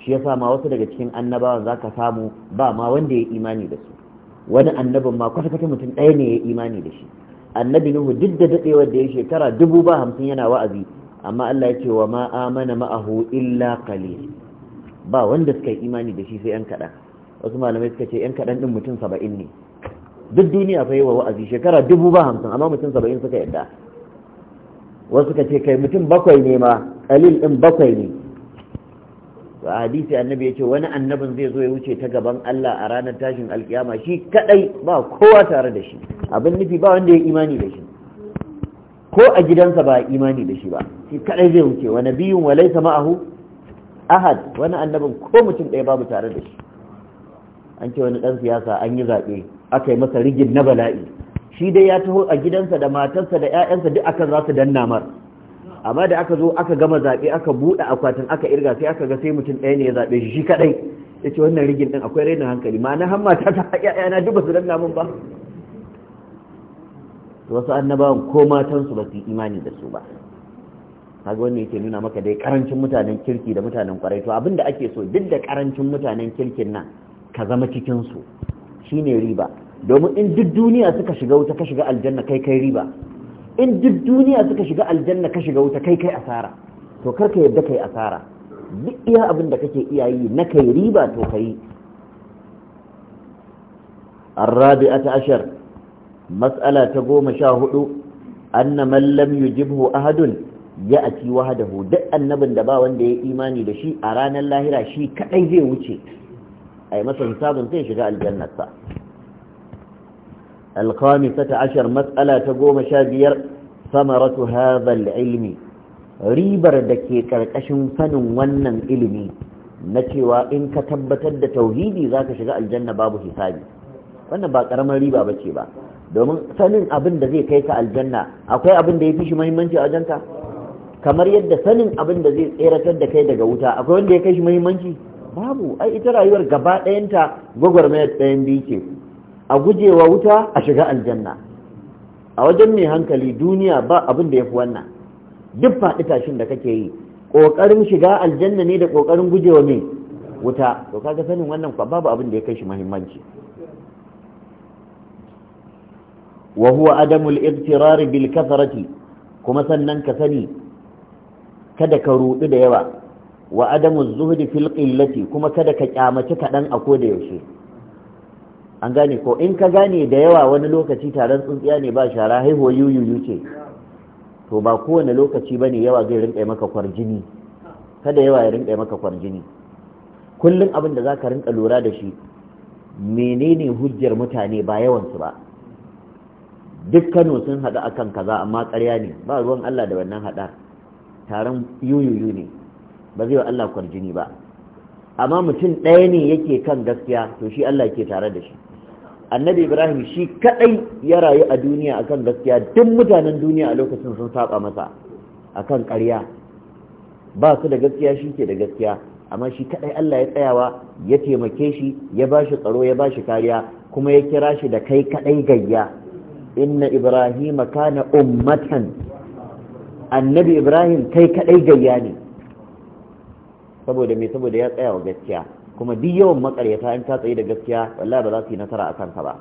shi yasa ma wasu daga cikin annabawan zaka samu ba ma wanda ya imani da su wani annabin ma kwata-kwata mutum ɗaya ne ya imani da shi annabi nuhu duk da daɗewar da ya shekara dubu ba hamsin yana wa'azi amma Allah ya ce wa ma amana ma'ahu illa qalil ba wanda suka yi imani da shi sai yan kaɗan wasu malamai suka ce yan kaɗan ɗin mutum saba'in ne duk duniya fa yi wa wa'azi shekara dubu ba hamsin amma mutum saba'in suka yadda wasu suka ce kai mutum bakwai ne ma qalil ɗin bakwai ne hadisi annabi ce wani annabin zai zo ya wuce ta gaban Allah a ranar tashin alkiyama shi kadai ba kowa tare da shi abin nufi ba wanda ya imani da shi ko a gidansa ba imani da shi ba shi kadai zai wuce wa nabiyun wa laisa ma'ahu ahad wani annabin ko mutum ɗaya babu tare da shi an ce wani dan siyasa an yi zaɓe aka yi masa rigin na bala'i shi dai ya taho a gidansa da matarsa da 'ya'yansa duk akan za su danna mar amma da aka zo aka gama zaɓe aka buɗe akwatin aka irga sai aka ga sai mutum ɗaya ne ya zaɓe shi kaɗai ya ce wannan rigin ɗin akwai rainin hankali ma na hamma ta ta ƴaƴana duk ba su danna min ba wasu annabawan ko matansu ba su imani da su ba kaga wannan yake nuna maka dai karancin mutanen kirki da mutanen kwarai to abinda ake so duk da karancin mutanen kirkin nan ka zama cikin su shine riba domin in duk duniya suka shiga wuta ka shiga aljanna kai kai riba in duk duniya suka shiga aljanna ka shiga wuta kai kai asara to kar ka yadda kai asara duk iya abin da kake iya yi na kai riba to kai arrabi'ata ashar mas'ala ta goma sha hudu anna man ahadun ya ati wahdahu duk annabin da ba wanda ya yi imani da shi a ranar lahira shi kadai zai wuce ai masa hisabin zai shiga aljannarsa الخامسة عشر مسألة تقوم شابير ثمرة هذا العلم ريبر دكي كركشن فن ونن علمي نتوى وإن كتبت التوهيدي ذاك شغاء الجنة بابه ثاني wannan باك رمى ريبا ba ce ba domin sanin abin da zai kai ka aljanna akwai abin da ya shi muhimmanci a wajenka kamar yadda sanin abin da zai tseratar da kai daga wuta akwai wanda ya kai shi muhimmanci babu ai ita rayuwar gaba ɗayanta gwagwarmayar ɗayan biyu ce a gujewa wuta a shiga aljanna a wajen mai hankali duniya ba abin da ya fi wannan duk faɗi tashin da kake yi ƙoƙarin shiga aljanna ne da ƙoƙarin gujewa mai wuta to kaga sanin wannan kwa babu abin da ya kai shi muhimmanci wa huwa adamul iqtirar bil kuma sannan ka sani kada ka ruɗu da yawa wa adamuz zuhdi fil qillati kuma kada ka kyamaci kaɗan a koda yaushe an gane ko in ka gane da yawa wani lokaci taron tsuntsiya ne ba shara haihuwa yuyuyu ce to ba kowane lokaci ba ne yawa zai rinƙa maka kwarjini kada yawa ya rinƙa maka kwarjini kullum abin da za ka rinƙa lura da shi menene hujjar mutane ba yawansu ba duk kano sun haɗu a kan kaza amma karya ne ba ruwan allah da wannan haɗa taron yuyuyu ne ba zai wa allah kwarjini ba amma mutum ɗaya ne yake kan gaskiya to shi allah ke tare da shi annabi ibrahim shi kadai ya rayu a duniya akan gaskiya duk mutanen duniya a lokacin sun saba masa akan ƙarya ba su da gaskiya shi ke da gaskiya amma shi kadai Allah ya tsayawa ya taimake shi ya ba shi tsaro ya ba shi kariya kuma ya kira shi da kai kadai gayya inna ibrahim kana ummatan annabi ibrahim kai kadai gayya ne saboda me saboda ya tsayawa gaskiya kuma duk yawan makaryata in ta tsaye da gaskiya wallahi ba za su yi nasara a kanka ba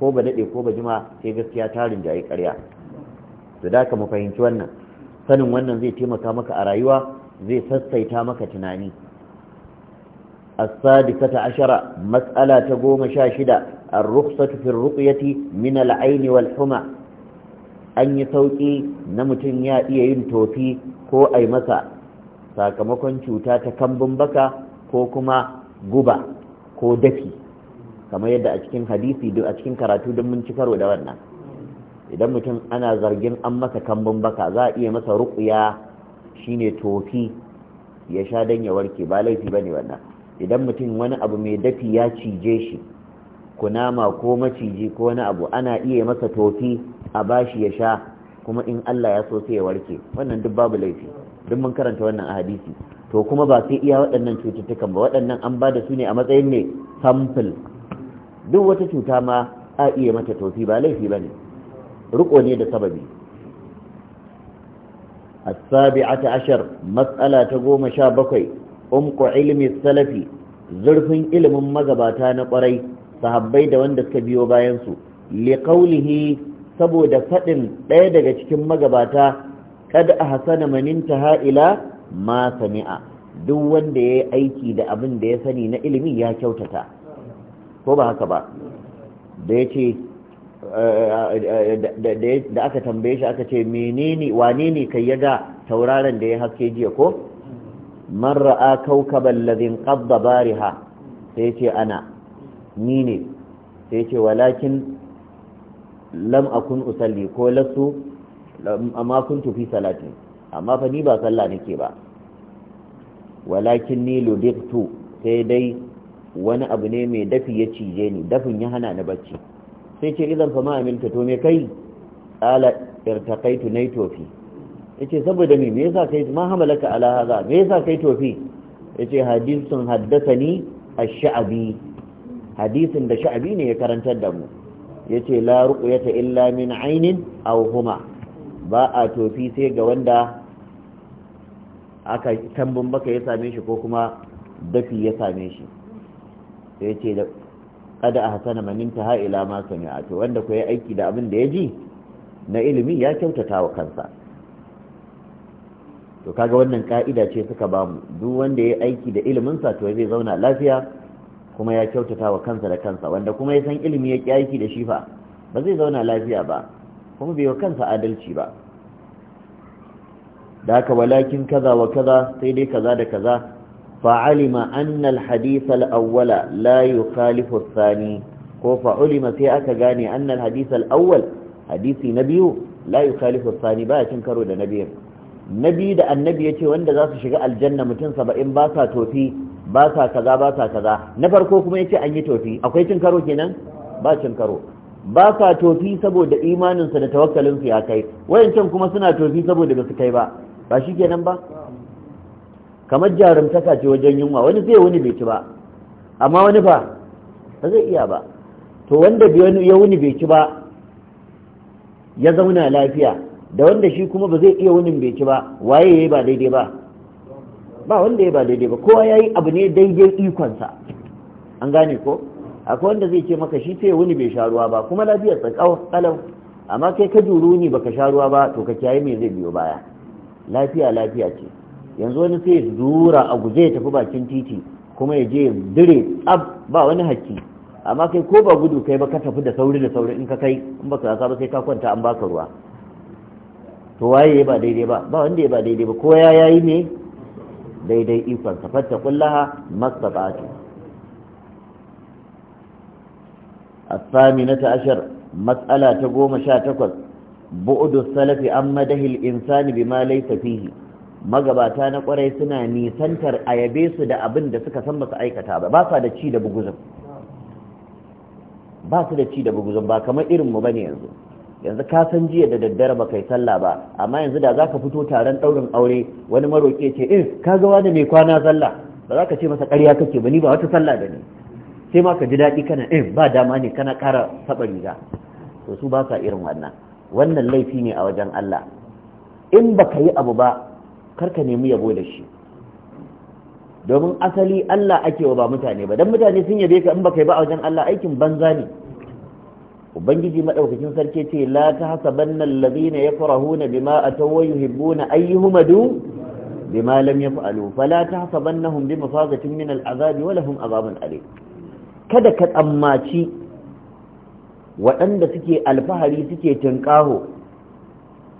ko ba daɗe ko ba jima sai gaskiya ta rinjaye ƙarya to da ka mu fahimci wannan sanin wannan zai taimaka maka a rayuwa zai sassaita maka tunani ta السادسة عشرة مسألة تقوم شاشدة الرخصة في الرقية من sauki na أن ya iya yin tofi ko كو أي sakamakon cuta ta تكمبن baka ko kuma guba ko dafi kamar yadda a cikin hadisi a cikin karatu don mun ci karo da wannan idan mutum ana zargin an masa kambun baka za a iya masa shi shine tofi ya sha don ya warke ba laifi ba ne wannan idan mutum wani abu mai dafi ya cije shi kunama ko maciji ko wani abu ana iya masa tofi a bashi ya sha kuma in Allah ya so sai ya warke wannan duk babu laifi duk mun karanta wannan a hadisi to kuma ba sai iya waɗannan cututtukan ba waɗannan an ba da su ne a matsayin ne Sample. duk wata cuta ma a iya mata tofi ba laifi ba ne riko ne da sababi asabi'ata ashar matsala ta goma sha bakwai umku ilmi salafi zurfin ilimin magabata na kwarai sahabbai da wanda suka biyo bayansu, su li qawlihi saboda faɗin ɗaya daga cikin magabata kad a hasana manin ta ha'ila ma sami'a duk wanda ya aiki da abin da ya sani na ilimi ya kyautata ko ba haka ba da ya ce eh, da aka tambaye shi aka ce wane ne kai ya ga tauraron da ya haske jiya ko man ra'a kaukaban ladin qadda bariha sai ce ana ni ne sai ce walakin lam akun usalli ko lasu amma kuntu fi salatin amma fa ni ba sallah nake ba walakin ni ludiqtu sai dai wani abu ne mai dafi ya cije ni dafin ya hana ni bacci sai ce idan fa ma amilta to me kai ala irtaqaitu nay tofi yace saboda me me yasa kai ma hamalaka ala haza me yasa kai tofi yace hadithun haddathani ash-sha'bi hadisin da sha'bi ne ya karantar da mu yace la ruqyata illa min aynin aw huma ba a tofi sai ga wanda aka tambun baka ya same shi ko kuma dafi ya same shi sai ce da kada a hasana maninta ha ha'ila ma a to wanda ku yi aiki da abin da ya ji na ilimi ya kyautata wa kansa to kaga wannan ka'ida ce suka bamu duk wanda ya aiki da iliminsa to zai zauna lafiya kuma ya kyautata wa kansa da kansa wanda kuma ya san ilimi ya ki aiki da shi fa ba zai zauna lafiya ba kuma bai wa kansa adalci ba da haka walakin kaza wa kaza sai dai kaza da kaza fa'alima annal hadith al-awwala la yukhalifu thani ko fa'ulima sai aka gane annal hadith awwal hadisi na biyu la yukhalifu ath-thani ba cin karo da nabiyin nabi da annabi yace wanda za su shiga aljanna mutum 70 ba sa tofi ba sa kaza ba sa kaza na farko kuma yace an yi tofi akwai cin karo kenan ba cin karo ba sa tofi saboda imaninsa da tawakkalinsu ya kai wayancan kuma suna tofi saboda ba su kai ba ba shi kenan ba kamar jarumtaka ce wajen yunwa wani zai wuni bai ci ba amma wani ba, ba zai iya ba to wanda ya wuni bai ci ba ya zauna lafiya da wanda shi kuma ba zai iya wunin bai ci ba waye ya yi ba daidai ba ba wanda ya ba daidai ba kowa ya yi abu ne daidai ikonsa an gane ko akwai wanda zai ce maka shi sai wuni bai sha ruwa ba kuma lafiyar tsakau kalau amma kai ka juru ni baka sha ruwa ba to ka kiyaye me zai biyo baya lafiya lafiya ce yanzu wani sai ya zura a guje ya tafi bakin titi kuma ya je dire tsab ba wani hakki amma kai ko ba gudu kai ba ka tafi da sauri da sauri in ka kai in ba ka ba sai ka kwanta an baka ruwa to waye ya ba daidai ba ba wanda ya ba daidai ba ko ya yayi ne daidai ikon sa fatta kullaha a as-saminata ashar mas'ala ta goma sha takwas bu'udu salafi an madahil insani bima laysa fihi magabata na kwarai suna nisantar ayabe su da abin da suka san basu aikata ba ba sa da ci da buguzun ba su da ci da buguzun ba kamar irin mu bane yanzu yanzu ka san jiya da daddare ba kai sallah ba amma yanzu da zaka fito taron daurin aure wani maroke ce eh kaga wani mai kwana sallah ba za ka ce masa ƙarya kake ba ni ba wata sallah da ni sai ma ka ji daɗi kana eh ba dama ne kana ƙara saba riga to su ba sa irin wannan wannan laifi ne a wajen Allah in baka yi abu ba karka nemi yabo da shi domin asali Allah ake wa ba mutane ba dan mutane sun yabe ka in baka yi ba a wajen Allah aikin banza ne ubangiji madaukakin sarki ce la tahsabanna alladhina yafrahuna bima ataw wa yuhibbuna ayyuhumadu bima lam yaf'alu fala tahsabannahum bi mafazatin min al'azabi wa lahum azabun alim kada ka tsammaci waɗanda suke alfahari suke tinƙaho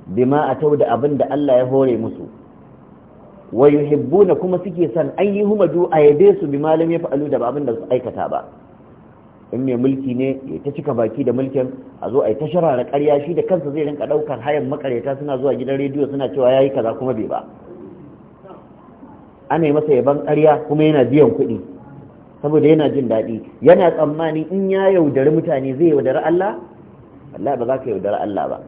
bima a tau da abin da Allah ya hore musu wa yuhibbuna kuma suke san an yi humadu a yabe su bi malami ya fa'alu da abin da su aikata ba in mai mulki ne ya ta cika baki da mulkin a zo a yi ta sharara ƙarya shi da kansa zai rinka ɗaukar hayan makareta suna zuwa gidan rediyo suna cewa ya yi kaza kuma bai ba ana yi masa yaban ƙarya kuma yana biyan kuɗi saboda yana jin daɗi yana tsammanin in ya yaudari mutane zai yaudari Allah Allah ba za ka yaudari Allah ba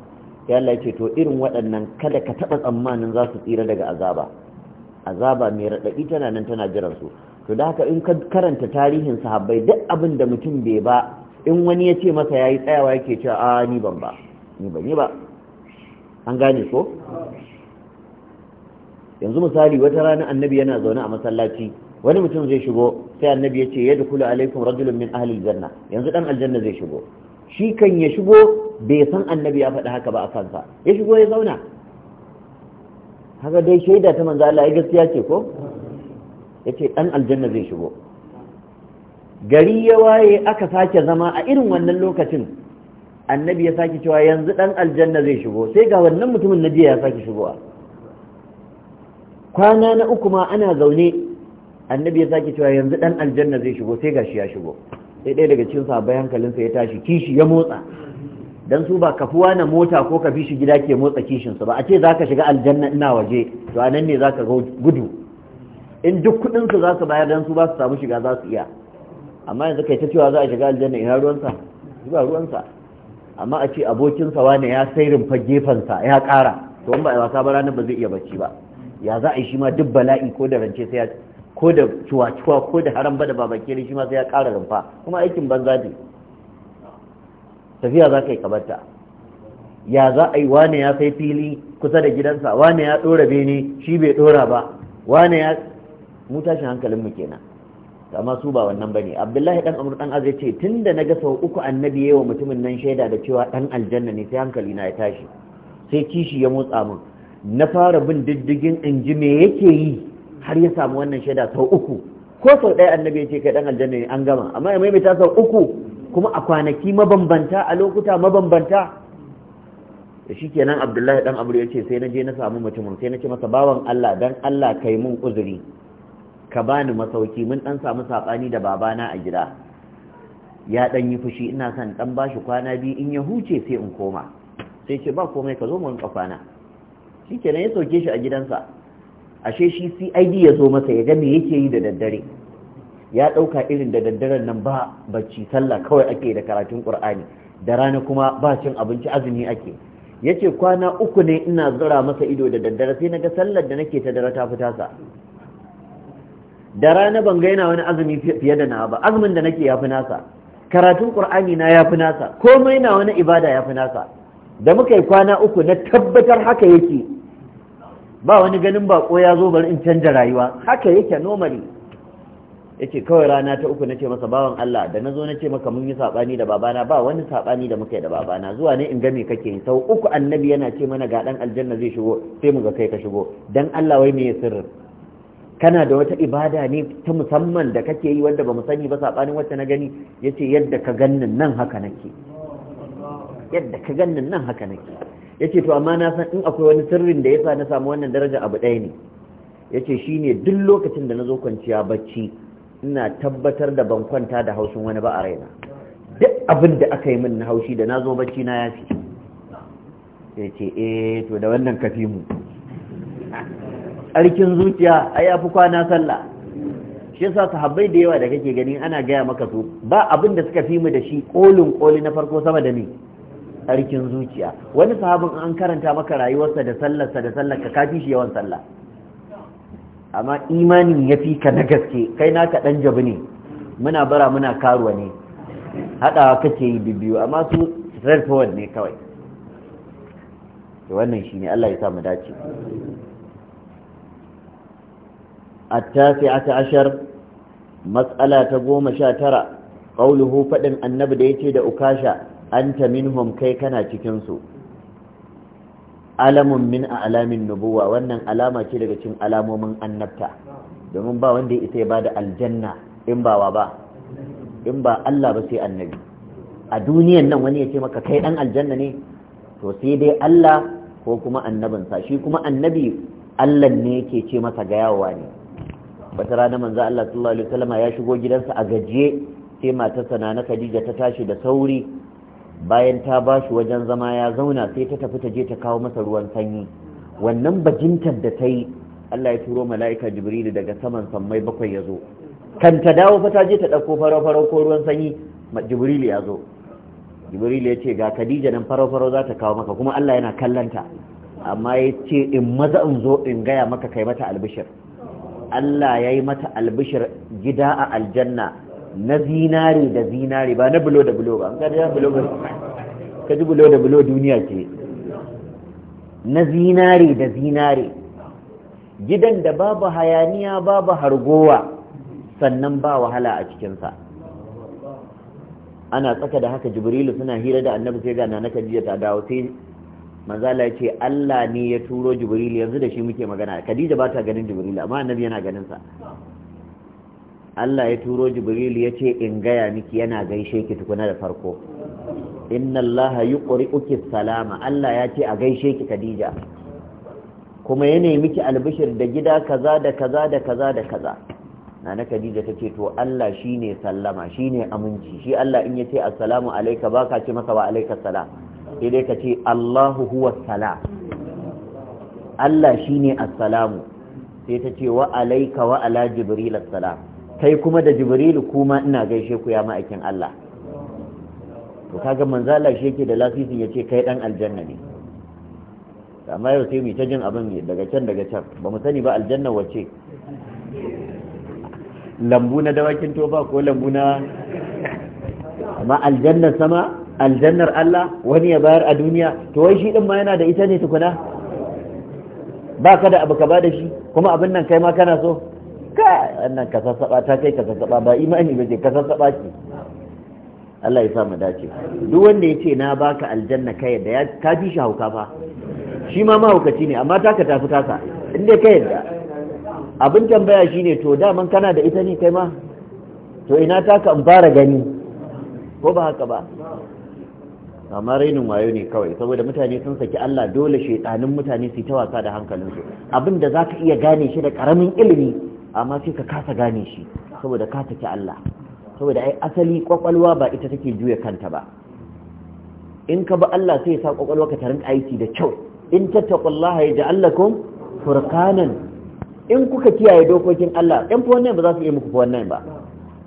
ya Allah ce to irin waɗannan kada ka taɓa tsammanin za su tsira daga azaba azaba mai raɗaɗi tana nan tana jiran su to da haka in ka karanta tarihin sahabbai duk abin da mutum bai ba in wani ya ce masa ya yi tsayawa yake cewa a ni ban ba ni ban yi ba an gane ko yanzu misali wata rana annabi yana zaune a masallaci wani mutum zai shigo sai annabi ya ce yadkhulu alaikum rajulun min ahli aljanna yanzu dan aljanna zai shigo shi kan ya shigo bai san annabi ya faɗi haka ba a kansa ya shigo ya zauna haka dai shaida ta manzo Allah ya gaskiya ce ko ya ce dan aljanna zai shigo gari ya waye aka sake zama a irin wannan lokacin annabi ya sake cewa yanzu dan aljanna zai shigo sai ga wannan mutumin na jiya ya sake shigowa kwana na uku ma ana zaune annabi ya sake cewa yanzu dan aljanna zai shigo sai gashi ya shigo sai ɗaya daga cikin sahabbai hankalinsa ya tashi kishi ya motsa dan su ba kafuwa na mota ko ka bi shi gida ke motsa kishin ba a ce za ka shiga aljanna ina waje to a nan ne za ka gudu in duk kudin su za su bayar dan su ba su samu shiga za su iya amma yanzu kai ta cewa za a shiga aljanna ina ruwansa ba ruwansa amma a ce abokinsa wane ya sai rumfa gefensa ya kara. to in ba a wasa ba ranar ba zai iya bacci ba ya za a yi shi ma duk bala'i ko da rance sai ya ko da cuwa-cuwa ko da haram ba da babakere shi ma sai ya ƙara rumfa kuma aikin banza ne tafiya za ka yi kabarta ya za a yi wane ya sai fili kusa da gidansa wane ya ɗora bene shi bai ɗora ba wane ya mu tashin hankalinmu kenan amma su ba wannan bane abdullahi dan amr dan azai ce tunda naga sau uku annabi yayi wa mutumin nan shaida da cewa dan aljanna ne sai hankali na ya tashi sai kishi ya motsa min na fara bin diddigin in ji me yake yi har ya samu wannan shaida sau uku ko sau ɗaya annabi ya ce kai ɗan aljanna ne an gama amma ya maimaita sau uku kuma a kwanaki mabambanta a lokuta mabambanta da shi kenan abdullahi ɗan amur ya ce sai na je na samu mutumin sai na ce masa bawan allah dan allah kai mun uzuri ka bani masauki mun ɗan samu saɓani da babana a gida ya ɗan yi fushi ina son ɗan bashi kwana biyu in ya huce sai in koma sai ce ba komai ka zo mu rinka kwana shi kenan ya sauke shi a gidansa ashe shi CID ya zo masa ya ga me yake yi da daddare ya ɗauka irin da daddaren nan ba bacci sallah kawai ake da karatun Qur'ani da rana kuma ba cin abinci azumi ake yace ce kwana uku ne ina zura masa ido da daddare sai naga ga sallar da nake ta dare ta fita sa da rana ban ga yana wani azumi fiye da na ba azumin da nake ya nasa karatun ƙur'ani na ya fi nasa komai na wani ibada ya nasa da muka yi kwana uku na tabbatar haka yake ba wani ganin bako ya zo bari in canja rayuwa haka yake normally Yake kawai rana ta uku nace masa bawan Allah da nazo nace maka mun yi sabani da babana ba wani sabani da muka yi da babana zuwa ne in ga me kake yi sau uku annabi yana ce mana ga dan aljanna zai shigo sai mu ga kai ka shigo dan Allah wai me sirrin kana da wata ibada ne ta musamman da kake yi wanda ba mu sani ba sabanin wacce na gani yace yadda ka gannin nan haka nake yadda ka gannin nan haka nake yace to amma na san in akwai wani sirrin da ya sa na samu wannan daraja abu ɗaya ne yace shine duk lokacin da na zo kwanciya bacci ina tabbatar da ban kwanta da haushin wani ba a raina duk abin da aka yi min na haushi da na zo bacci na yafi yace eh to da wannan kafi mu tsarkin zuciya ya fi kwana sallah shi yasa sahabbai da yawa da kake gani ana gaya maka su ba abin da suka fi mu da shi ƙolin ƙoli na farko sama da ni Harkin zuciya wani sahabin an karanta maka rayuwarsa da sallarsa da sallar ka kafi shi yawan sallah amma imanin ya fi ka na gaske kai naka dan jabi ne muna bara muna karuwa ne haɗawa kake yi bibiyu amma su forward ne kawai wannan shi ne Allah ya sa mu dace sha tara, مسألة تقوم faɗin Annabi da ya ce da Ukasha. anta minhum kai kana cikin su alamun min alamin nubuwa wannan alama ce daga cikin alamomin annabta domin ba wanda ya isa ya bada aljanna in ba ba in ba Allah ba sai annabi a duniyan nan wani ya ce maka kai dan aljanna ne to sai dai Allah ko kuma annabin sa. shi kuma annabi Allah ne yake ce masa gayawa ne wata rana manzo Allah sallallahu alaihi wasallam ya shigo gidansa a gajiye sai matarsa na Khadija ta tashi da sauri bayan ta ba shi wajen zama ya zauna sai ta tafi ta je ta kawo masa ruwan sanyi wannan bajintar da ta yi Allah ya turo mala'ika jibrilu daga saman sammai bakwai ya zo kan ta dawo fa ta je ta ɗauko farau-farau ko ruwan sanyi jibrilu ya zo jibrilu ya ce ga khadija nan farau-farau za ta kawo maka kuma Allah yana kallanta amma ya ce in maza in zo in gaya maka kai mata albishir Allah ya yi mata albishir gida a aljanna na zinare da zinare ba na bulo da bulo ba an kaji bulo ba Ka ji bulo da bulo duniya ce na zinare da zinare gidan da babu hayaniya babu hargowa sannan ba wahala a cikinsa ana tsaka da haka jibrilu suna hira da annabi sai ga na kadiya ta dawo sai manzala ya ce Allah ne ya turo jibrilu yanzu da shi muke magana kadija ba ta ganin jibrilu amma annabi yana ganin sa Allah ya turo Jibril ya ce in gaya miki yana gaishe ki tukuna da farko inna Allah yuqri'uki salama Allah ya ce a gaishe ki Khadija kuma ya nemi ki albishir da gida kaza da kaza da kaza da kaza nana Khadija ta ce to Allah shi ne sallama shi ne aminci shi Allah in ya yace assalamu alayka baka ce masa wa alayka salam sai ka ce Allahu huwa salam Allah shi ne assalamu sai ta ce wa alaika wa ala jibril assalam kai kuma da jibrilu kuma ina gaishe ku ya ma'aikin Allah to kaga manzo Allah shi yake da lasisin yace kai dan aljanna ne amma yau sai mu ta jin abin ne daga can daga can ba mu sani ba aljanna wace lambu na dawakin toba ko lambu na amma Aljanna sama aljannar Allah wani ya bayar a duniya to wai shi din ma yana da ita ne tukuna ba ka da abu ka ba da shi kuma abin nan kai ma kana so ka wannan ka ta kai ka sassaɓa ba imani ba ce ka sassaɓa ce Allah ya sa mu dace duk wanda ya ce na baka aljanna ka yadda ka ji shi hauka fa shi ma mahaukaci ne amma taka tafi kasa in dai ka yadda abin tambaya shine to daman kana da ita ne kai ma to ina taka in fara gani ko ba haka ba amma rainin wayo ne kawai saboda mutane sun saki Allah dole shaidanin mutane su ta wasa da hankalinsu abin da zaka iya gane shi da karamin ilimi amma sai ka kasa gane shi saboda ka saki Allah saboda ai asali kwakwalwa ba ita take juya kanta ba in ka ba Allah sai ya sa kwakwalwa ka tarin aiki da kyau in tattaqullaha yaj'al furqanan in kuka kiyaye dokokin Allah dan fa wannan ba za su yi muku fa wannan ba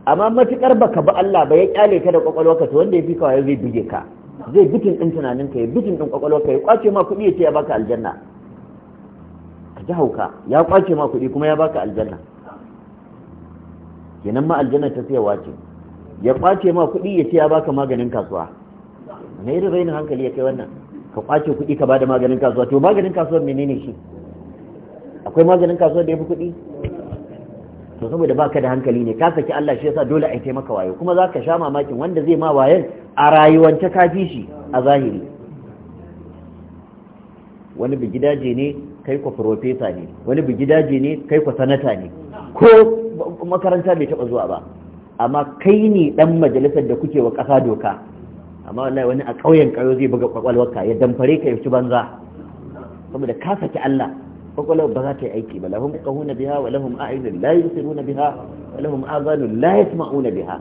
amma matukar baka ba Allah ba ya kyale ka da kwakwalwa ka to wanda ya fi kawai zai buge ka zai bitin din tunanin ka ya bitin din ka ya kwace ma kuɗi ya ce ya baka aljanna ka ji hauka ya kwace ma kuɗi kuma ya baka aljanna kenan ma aljanna ta sai wace ya kwace ma kuɗi ya ce ya baka maganin kasuwa na irin rainin hankali ya kai wannan ka kwace kuɗi ka bada maganin kasuwa to maganin kasuwa menene shi akwai maganin kasuwa da ya kudi kuɗi to saboda baka da hankali ne ka saki Allah shi yasa dole a yi maka wayo kuma zaka ka sha mamakin wanda zai ma wayan a rayuwance ka ji shi a zahiri wani bigidaje ne kai ku profesa ne wani bigidaje ne kai ku sanata ne ko makaranta bai taɓa zuwa ba amma kai ne ɗan majalisar da kuke wa ƙasa doka amma wallahi wani a ƙauyen ƙauyo zai buga ƙwaƙwalwarka ya damfare ka ya ci banza saboda ka saki Allah ƙwaƙwalwar ba za ta yi aiki ba lahum qahuna biha wa lahum a'yunun la yusiruna biha wa lahum adhanun la yasma'una biha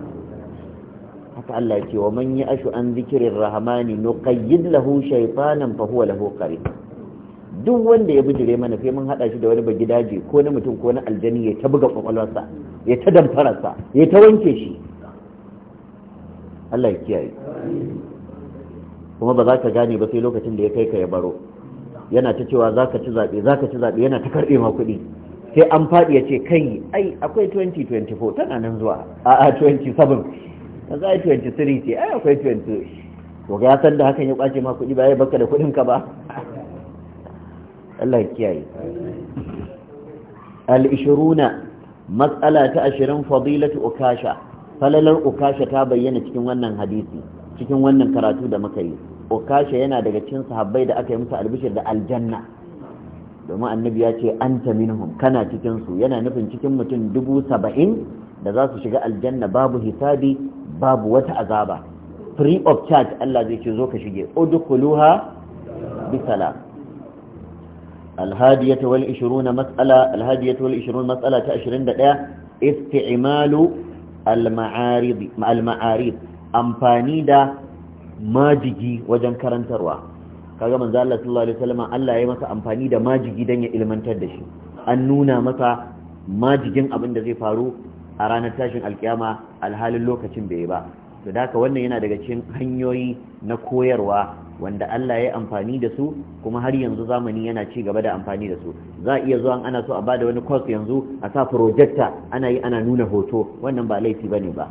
haka Allah ya ce wa man ya'shu an dhikrir rahmani nuqayyid lahu shaytanan fa huwa lahu qarin duk wanda ya bijire mana sai mun hada shi da wani bagidaje ko na mutum ko na aljani ya ta buga kwakwalwarsa ya ta damfararsa ya ta wanke shi Allah ya kiyaye kuma ba za ka gane ba sai lokacin da ya kai ka ya baro yana ta cewa za ka ci zaɓe za ka ci zaɓe yana ta karɓe ma kuɗi sai an faɗi ya ce kai ai akwai 2024 tana nan zuwa a'a 27 ta za a 23 ce ai akwai 20 to ga ya san da hakan ya kwace ma kuɗi ba ya baka da kuɗinka ba Allah kiyaye al-ishiruna matsala ta ashirin fadilatu ukasha falalar ukasha ta bayyana cikin wannan hadisi cikin wannan karatu da muka yi ukasha yana daga cikin sahabbai da aka yi musu albishir da aljanna domin annabi ya ce anta minhum kana cikin su yana nufin cikin mutum dubu saba'in da za su shiga aljanna babu hisabi babu wata azaba free of charge Allah zai ce zo ka shige udkhuluha bi الهادية والعشرون مسألة الهادية والعشرون مسألة عشرين دقيقة استعمال المعارض المعارض أمباني دا ماجي وجن كرنتروا kaga manzo Allah sallallahu alaihi wasallam Allah ya masa amfani da majigi dan ya ilmantar da shi an nuna masa majigin abin da zai faru a ranar tashin alkiyama alhalin lokacin bai ba to da haka wannan yana daga cikin hanyoyi na koyarwa wanda Allah ya amfani da su kuma har yanzu zamani yana ci gaba da amfani da su za iya zuwa ana so a bada wani course yanzu a sa projector ana yi ana nuna hoto wannan ba laifi bane ba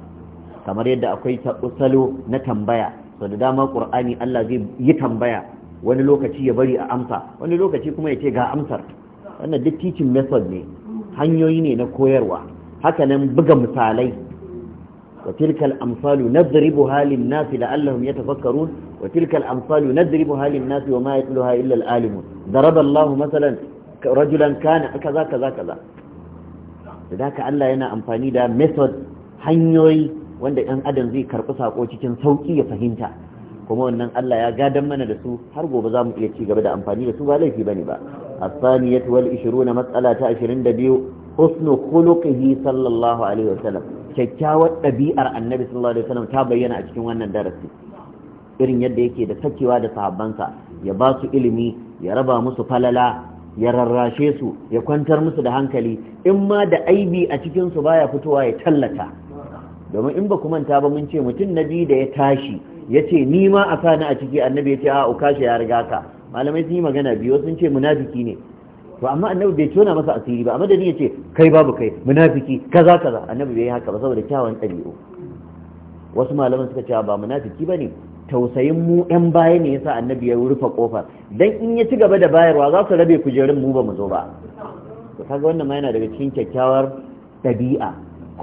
kamar yadda akwai salo na tambaya so da dama qur'ani Allah zai yi tambaya wani lokaci ya bari a amsa wani lokaci kuma ya ce ga amsar wannan duk teaching method ne hanyoyi ne na koyarwa haka nan buga misalai وتلك الأمثال نضربها للناس لعلهم يتفكرون وتلك الأمثال نضربها للناس وما يقلها إلا العالمون ضرب الله مثلا رجلا كان كذا كذا كذا ذاك الله yana amfani da method hanyoyi wanda ɗan adam zai karbi sako cikin sauƙi ya fahimta kuma wannan Allah ya gadan mana da su har gobe za mu iya ci gaba da amfani da su ba laifi bane ba as-saniyatu wal 20 mas'ala ta 22 husnu khuluqihi sallallahu alaihi wasallam kyakkyawar ɗabi'ar annabi sallallahu alaihi wasallam ta bayyana a cikin wannan darasi irin yadda yake da sakewa da sahabbansa ya ba su ilimi ya raba musu falala ya rarrashe su ya kwantar musu da hankali in ma da aibi a cikin su baya fitowa ya tallata domin in ba ku manta ba mun ce mutum na biyu da ya tashi ya ce ni ma a sani a ciki annabi ya ce a uka shi ya riga ka malamai sun yi magana biyu sun ce munafiki ne to amma annabi bai tona masa asiri ba amma ya ce kai babu kai munafiki kaza kaza annabi bai yi haka ba saboda kyawun ɗabi'u wasu malaman suka cewa ba munafiki bane tausayin mu yan baya ne yasa annabi ya rufe kofa dan in ya ci gaba da bayarwa za su rabe kujerun mu ba mu zo ba to kaga wannan ma yana daga cikin kyakkyawar ɗabi'a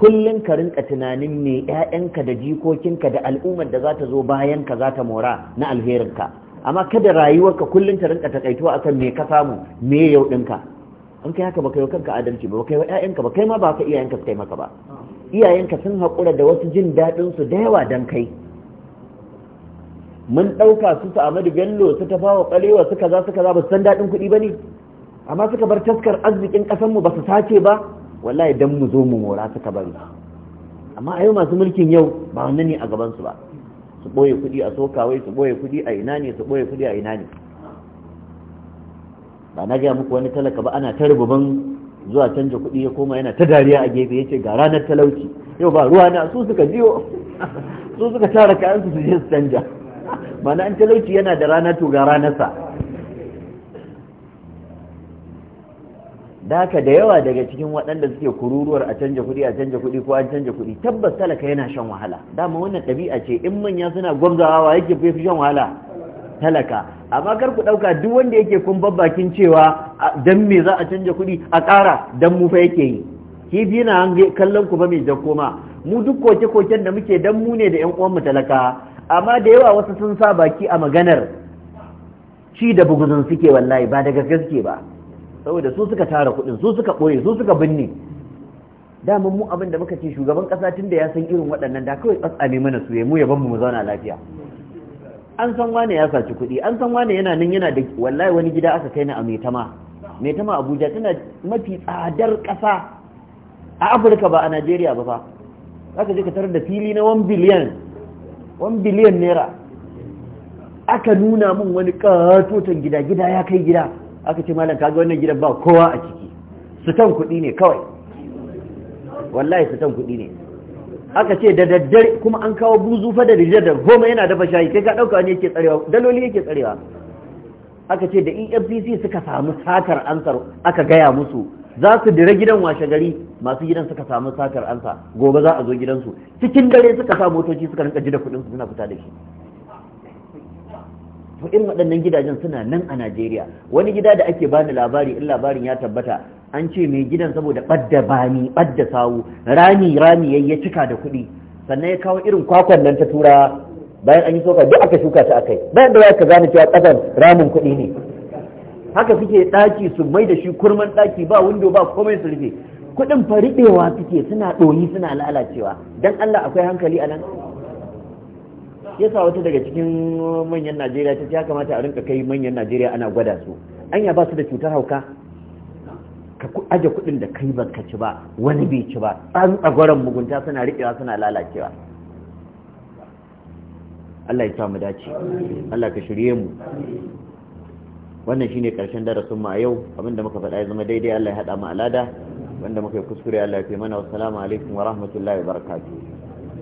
kullum ka rinka tunanin me ƴaƴanka da jikokinka da al'ummar da za ta zo bayan ka za ta mora na alherinka amma kada rayuwarka kullum ta rinka takaituwa akan me ka samu me yau ɗinka an kai haka baka yi kanka adalci ba baka yi wa ƴaƴanka ba kai ma ba ka iyayenka su taimaka ba iyayenka sun haƙura da wasu jin daɗin su da yawa dan kai mun ɗauka su su Amadu Bello su tafawa ƙwalewa su kaza su kaza ba su san daɗin kuɗi ba ne amma suka bar taskar arzikin mu ba su sace ba wallahi dan mu zo mu mora suka bari amma a yau masu mulkin yau ba wannan ne a gabansu ba su boye kuɗi a sokawai su ɓoye kuɗi a ina ne su ɓoye kuɗi a ina ne ba na gaya muku wani talaka ba ana ta zuwa canja kuɗi ya koma yana ta dariya a gefe yace ga ranar talauci yau ba ruwa na su suka jiyo su suka tara kayan su su je su canja mana an talauci yana da rana to ga ranarsa Daka da yawa daga cikin waɗanda suke kururuwar a canja kuɗi a canja kuɗi ko an canja kuɗi tabbas talaka yana shan wahala dama wannan ɗabi'a ce in manya suna gwamzawa wa yake fi shan wahala talaka amma kar ku ɗauka duk wanda yake kun babbakin cewa dan me za a canja kuɗi a ƙara dan mu fa yake yi kifi na kallon ku ba mai ma, mu duk koke-koken da muke dan mu ne da ƴan uwan mu talaka amma da yawa wasu sun sa baki a maganar ci da buguzun suke wallahi ba daga gaske ba saboda su suka tara kuɗin, su suka ɓoye, su suka binne daman mu abin da muka ce shugaban ƙasa tun da ya san irin waɗannan da kawai ne mana su mu ya mu mu zauna lafiya an san wane ya saci kuɗi an san wane yana nan yana da wallahi wani gida aka kai ni a Maitama Maitama Abuja tana mafi tsadar ƙasa a Afirka ba a Najeriya ba fa aka je ka tarar da fili na 1 biliyan 1 billion naira aka nuna min wani ƙatoton gida gida ya kai gida aka ce malam kaga wannan gidan ba kowa a ciki sutan kuɗi ne kawai wallahi sutan kuɗi ne aka ce da daddare kuma an kawo buzu fa da rijar da goma yana dafa shayi kai ka ɗauka ne yake tsarewa daloli yake tsarewa aka ce da efcc suka samu satar ansar aka gaya musu za su dira gidan washe gari masu gidan suka samu satar ansa gobe za a zo gidansu cikin dare suka sa motoci suka rinka ji da kuɗin su suna fita da shi irin waɗannan gidajen suna nan a Najeriya wani gida da ake bani labari in labarin ya tabbata an ce mai gidan saboda ɓadda bani ɓadda sawu rami rami yayi ya cika da kuɗi sannan ya kawo irin kwakwan nan ta tura bayan an yi soka duk aka shuka ta akai bayan da ka gane cewa ƙasan ramin kuɗi ne haka suke ɗaki su mai da shi kurman ɗaki ba windo ba komai su rufe kuɗin fariɗewa suke suna ɗoyi suna lalacewa dan Allah akwai hankali a nan yasa wata daga cikin manyan najeriya ta ya kamata a rinka kai manyan najeriya ana gwada su ya ba su da cutar hauka ka aje kuɗin da kai ba ka ci ba wani bai ci ba tsan tsagoran mugunta suna riƙewa suna lalacewa Allah ya samu dace Allah ka shirye mu wannan shine karshen darasin mu a yau abinda muka faɗa ya zama daidai Allah ya haɗa mu alada wanda muka yi kuskure Allah ya fi mana wassalamu alaikum wa rahmatullahi wa barakatuh